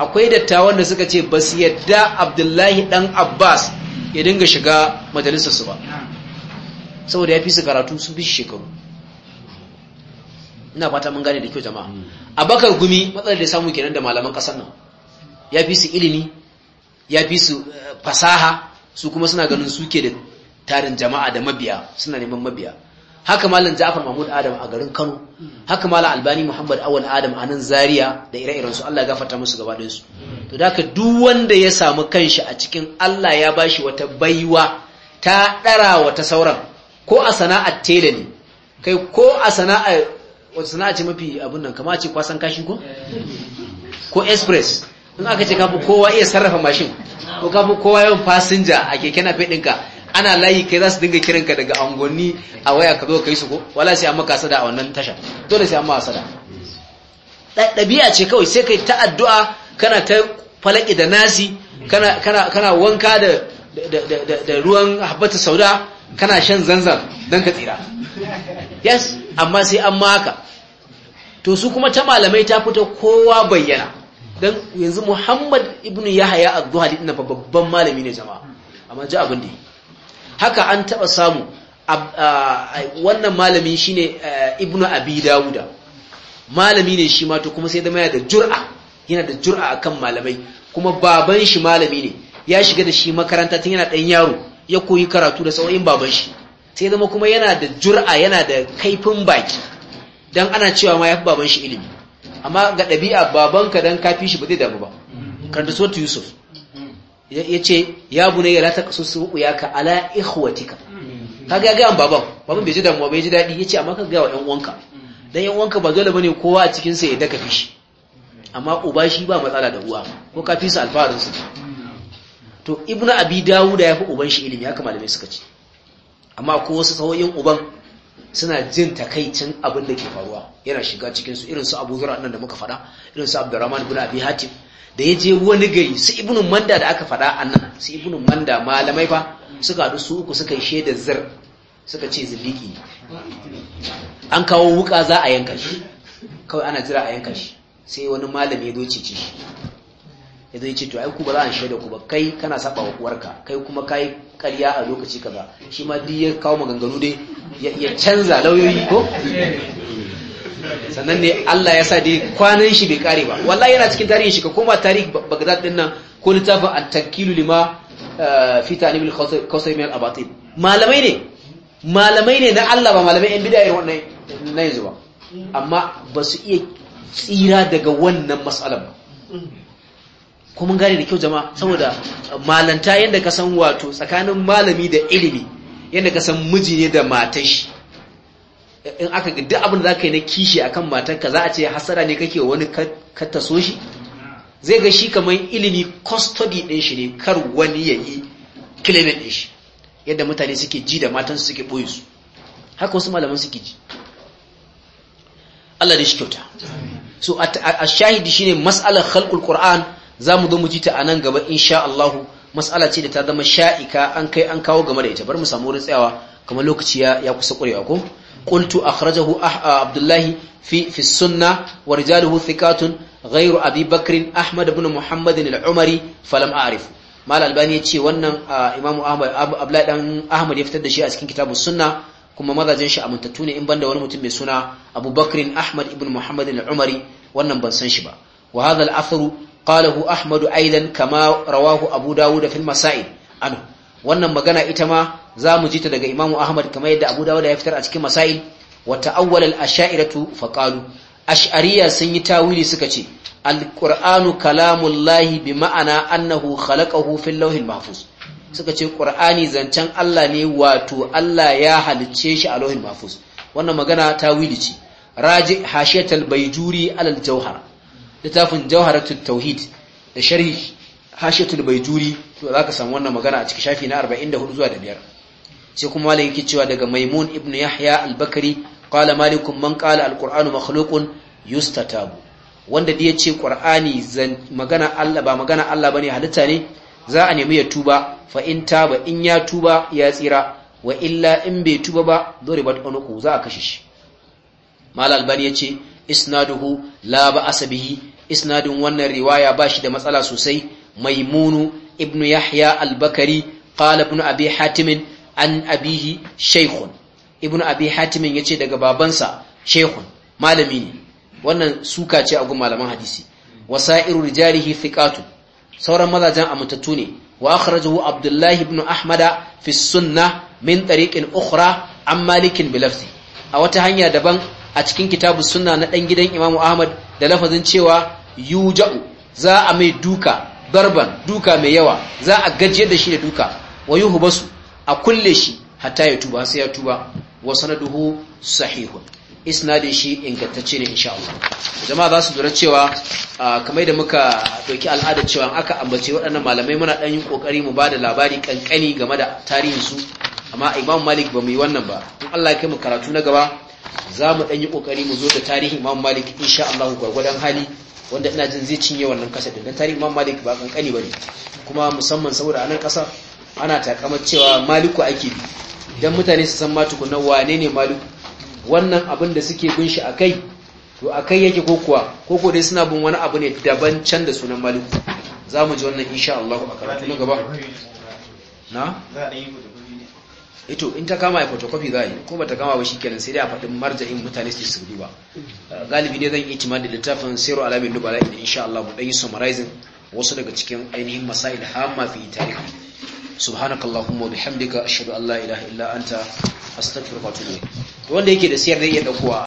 akwai dattawan da suka ce basu su yadda abdullahi ɗan abbas ya dinga shiga majalisarsu ba saboda ya fi su karatu sun fi shekaru ina fata mun gane da kyau jama'a hmm. abakar gumi matsalar da samu kenan da malaman kasar nan ya fi su ilimi ya fi su eh, fasaha su kuma suna ganin suke da tarin jama'a da mabiya suna neman mabiya haka malam Ja'far Mahmud Adam a garin Kano hmm. haka malam Albani Muhammad Awal Adam a nan Zaria da ire-iren su Allah ya gafarta musu gaba ɗayan su to da duk wanda ya samu kanshi a cikin Allah ya bashi wata baiwa ta ɗara wata sauran ko a sana'ar tela ne kai ko a sana'ar wata sana'a ce mafi abin nan a ce kwasan kashi ko ko express in aka ce kafi kowa iya sarrafa mashin ko kafi kowa yawan fasinja a keke na ɗinka ana layi kai za su dinga kiranka daga angonni a waya ka zo ka yi su ko wala sai an maka sada a wannan tasha dole sai an a sada ɗabi'a ce kawai sai kai ta addu'a kana ta falaki da nasi kana wanka da da ruwan habbata sauda kana shan zanzan don ka tsira yes amma sai an maka to su kuma ta malamai ta fito kowa bayyana don yanzu muhammad ibn yahaya az-zuhali ina babban malami ne jama'a amma ji abin da haka an taɓa samu wannan malami shine ibn abi dawuda malami ne shi ma to kuma sai da da jur'a yana da jur'a akan malamai kuma baban shi malami ne ya shiga da shi makaranta tun yana ɗan yaro ya koyi karatu da sauyin baban shi sai zama kuma yana da jur'a yana da kaifin baki dan ana cewa ma ya fi baban shi ilimi amma ga ɗabi'a babanka dan kafi shi ba zai damu ba karanta sautu yusuf ya ce ya bu ne ya rata kasu su ya ka ala ikhwatika ka ga gawan baban baban bai ji damuwa bai ji daɗi ya ce amma ka wa ƴan uwanka dan ƴan uwanka ba dole bane kowa a cikin sa ya daka fishi amma uba shi ba matsala da uwa ko ka fi su alfaharin su to ibnu abi dawuda ya fi uban shi ilimi haka malamai suka ce amma ko wasu sahoyin uban suna jin takaicin abin da ke faruwa yana shiga cikin su irin su Abu Zur'a nan da muka faɗa irin su Abdurrahman ibn Abi Hatim da ya je wani gari su Ibn Manda da aka fada annan su Ibn Manda malamai fa suka haɗu su uku suka yi shaidar zir suka ce zindiki an kawo wuka za a yanka shi kawai ana jira a yanka shi sai wani malami ya zo cici shi ya zai ce to ai ku ba za a shaida ku ba kai kana saba wa uwarka kai kuma kai karya a lokaci kaza shi ma duk ya kawo maganganu dai ya canza lauyoyi ko sannan ne Allah ya sa dai kwanan shi bai kare ba wallahi yana cikin tarihin shi ka koma tarihi Baghdad din nan ko littafin at-tankilu lima eh, fi ta'limil qasim al abatin malamai ne malamai ne na Allah ba malamai yan bid'a irin wannan na yanzu ba amma ba su iya tsira daga wannan matsalar ba kuma gane da kyau jama'a saboda malanta yadda ka san wato tsakanin malami da ilimi yadda ka san miji ne da matar shi in aka duk abin da ka yi na kishi akan matar ka za a ce hasara ne kake wani katasoshi? so shi zai ga shi kamar ilimi custody ɗin shi ne kar wani ya yi kilimin ɗin shi yadda mutane suke ji da matan suke ɓoye su haka wasu malaman suke ji Allah da shi kyauta so a shahidi shine mas'alar khalqul qur'an zamu zo mu ji ta nan gaba insha Allah mas'ala ce da ta zama sha'ika an kai an kawo game da ita bar mu samu wurin tsayawa kamar lokaci ya ya kusa kurewa ko qultu akhrajahu ah, ah, abdullahi fi fi sunna wa rijaluhu thiqatun ghayru abi bakr ahmad ibn muhammad al-umari falam a'rif mal albani yace wannan ah, Imam ahmad abdullahi dan ahmad ya fitar da shi a cikin kitabun sunna kuma mazajen shi amintattu ne in banda wani mutum mai suna abubakrin ahmad ibn muhammad al-umari wannan ban san shi ba wa hadha al-athru qalahu ahmadu aidan kama rawahu abu dawud da al-masail anhu wannan magana ita ma za mu ji ta daga imam ahmad kamar yadda abu dawud ya fitar a cikin masail wa ta'awwala al-ash'iratu fa qalu ash'ariya sun yi tawili suka ce al-qur'anu kalamullahi bi ma'ana annahu khalaqahu fil lawhil mahfuz suka ce qur'ani zancen Allah ne wato Allah ya halicce shi a lohin mafus wannan magana ta wili ce raji hashiyatul baijuri alal littafin jawharatul tauhid da sharhi hashiyatul baijuri to zaka samu wannan magana a cikin shafi na 44 zuwa da biyar sai kuma malik cewa daga maimun ibnu yahya al-bakri qala malikum man qala al-qur'anu makhluqun yustatabu wanda da yace qur'ani magana Allah ba magana Allah bane halitta ne za a nemi ya tuba fa in taba in ya tuba ya tsira wa illa in bai tuba ba duribat unuku za a kashe shi mal albani yace isnaduhu la ba asabihi isnadun wannan riwaya ba shi da matsala sosai maimunu ibnu yahya albakari bakari qala ibnu abi hatim an abihi shaykhun ibnu abi hatim yace daga babansa shaykhun malami ne wannan suka ce a gun malaman hadisi wasairu rijalihi thiqatun sauran mazajen amintattu ne wa akhrajahu abdullahi ibn ahmada fi sunnah min tariqin ukhra an malikin bi a wata hanya daban a cikin kitabu sunna na dan gidan imamu ahmad da lafazin cewa yuja'u za a mai duka darban duka mai yawa za a gajiyar da shi da duka wa yuhubasu a kulle shi hatta ya tuba sai ya tuba wa sanaduhu sahihun isnadin shi ingantacce ne insha Allah jama'a za su dora cewa kamar da muka doki al'ada cewa aka ambace waɗannan malamai muna ɗan yin ƙoƙari mu bada labari ƙanƙani game da tarihin su amma Imam Malik ba mu yi wannan ba in Allah ya kai mu karatu na gaba za mu ɗan yi ƙoƙari mu zo da tarihin Imam Malik insha Allah gwargwadon hali wanda ina jin zai cinye wannan kasa din dan tarihin Imam Malik ba ƙanƙani bane kuma musamman saboda anan ƙasa ana takamar cewa Maliku ake bi dan mutane su san ma tukunan wane ne Maliku wannan abin da suke bin shi akai to akai yake ko kuwa dai suna bin wani abu ne daban can da sunan maliku za mu ji wannan insha Allah a karatu na gaba na ito in ta kama ya photocopy za a yi ko ba ta kama ba shi kenan sai dai a faɗin marja'in mutane su su ba uh, galibi ne zan yi itima da littafin siru alamin dubala inda insha Allah mu ɗan yi summarizing wasu daga cikin ainihin masail hamma fi tarihi subhanakallahumma bihamdika ashhadu an la ilaha illa anta astaghfiruka wa atubu ilayk wanda yake da siyar da iya daukowa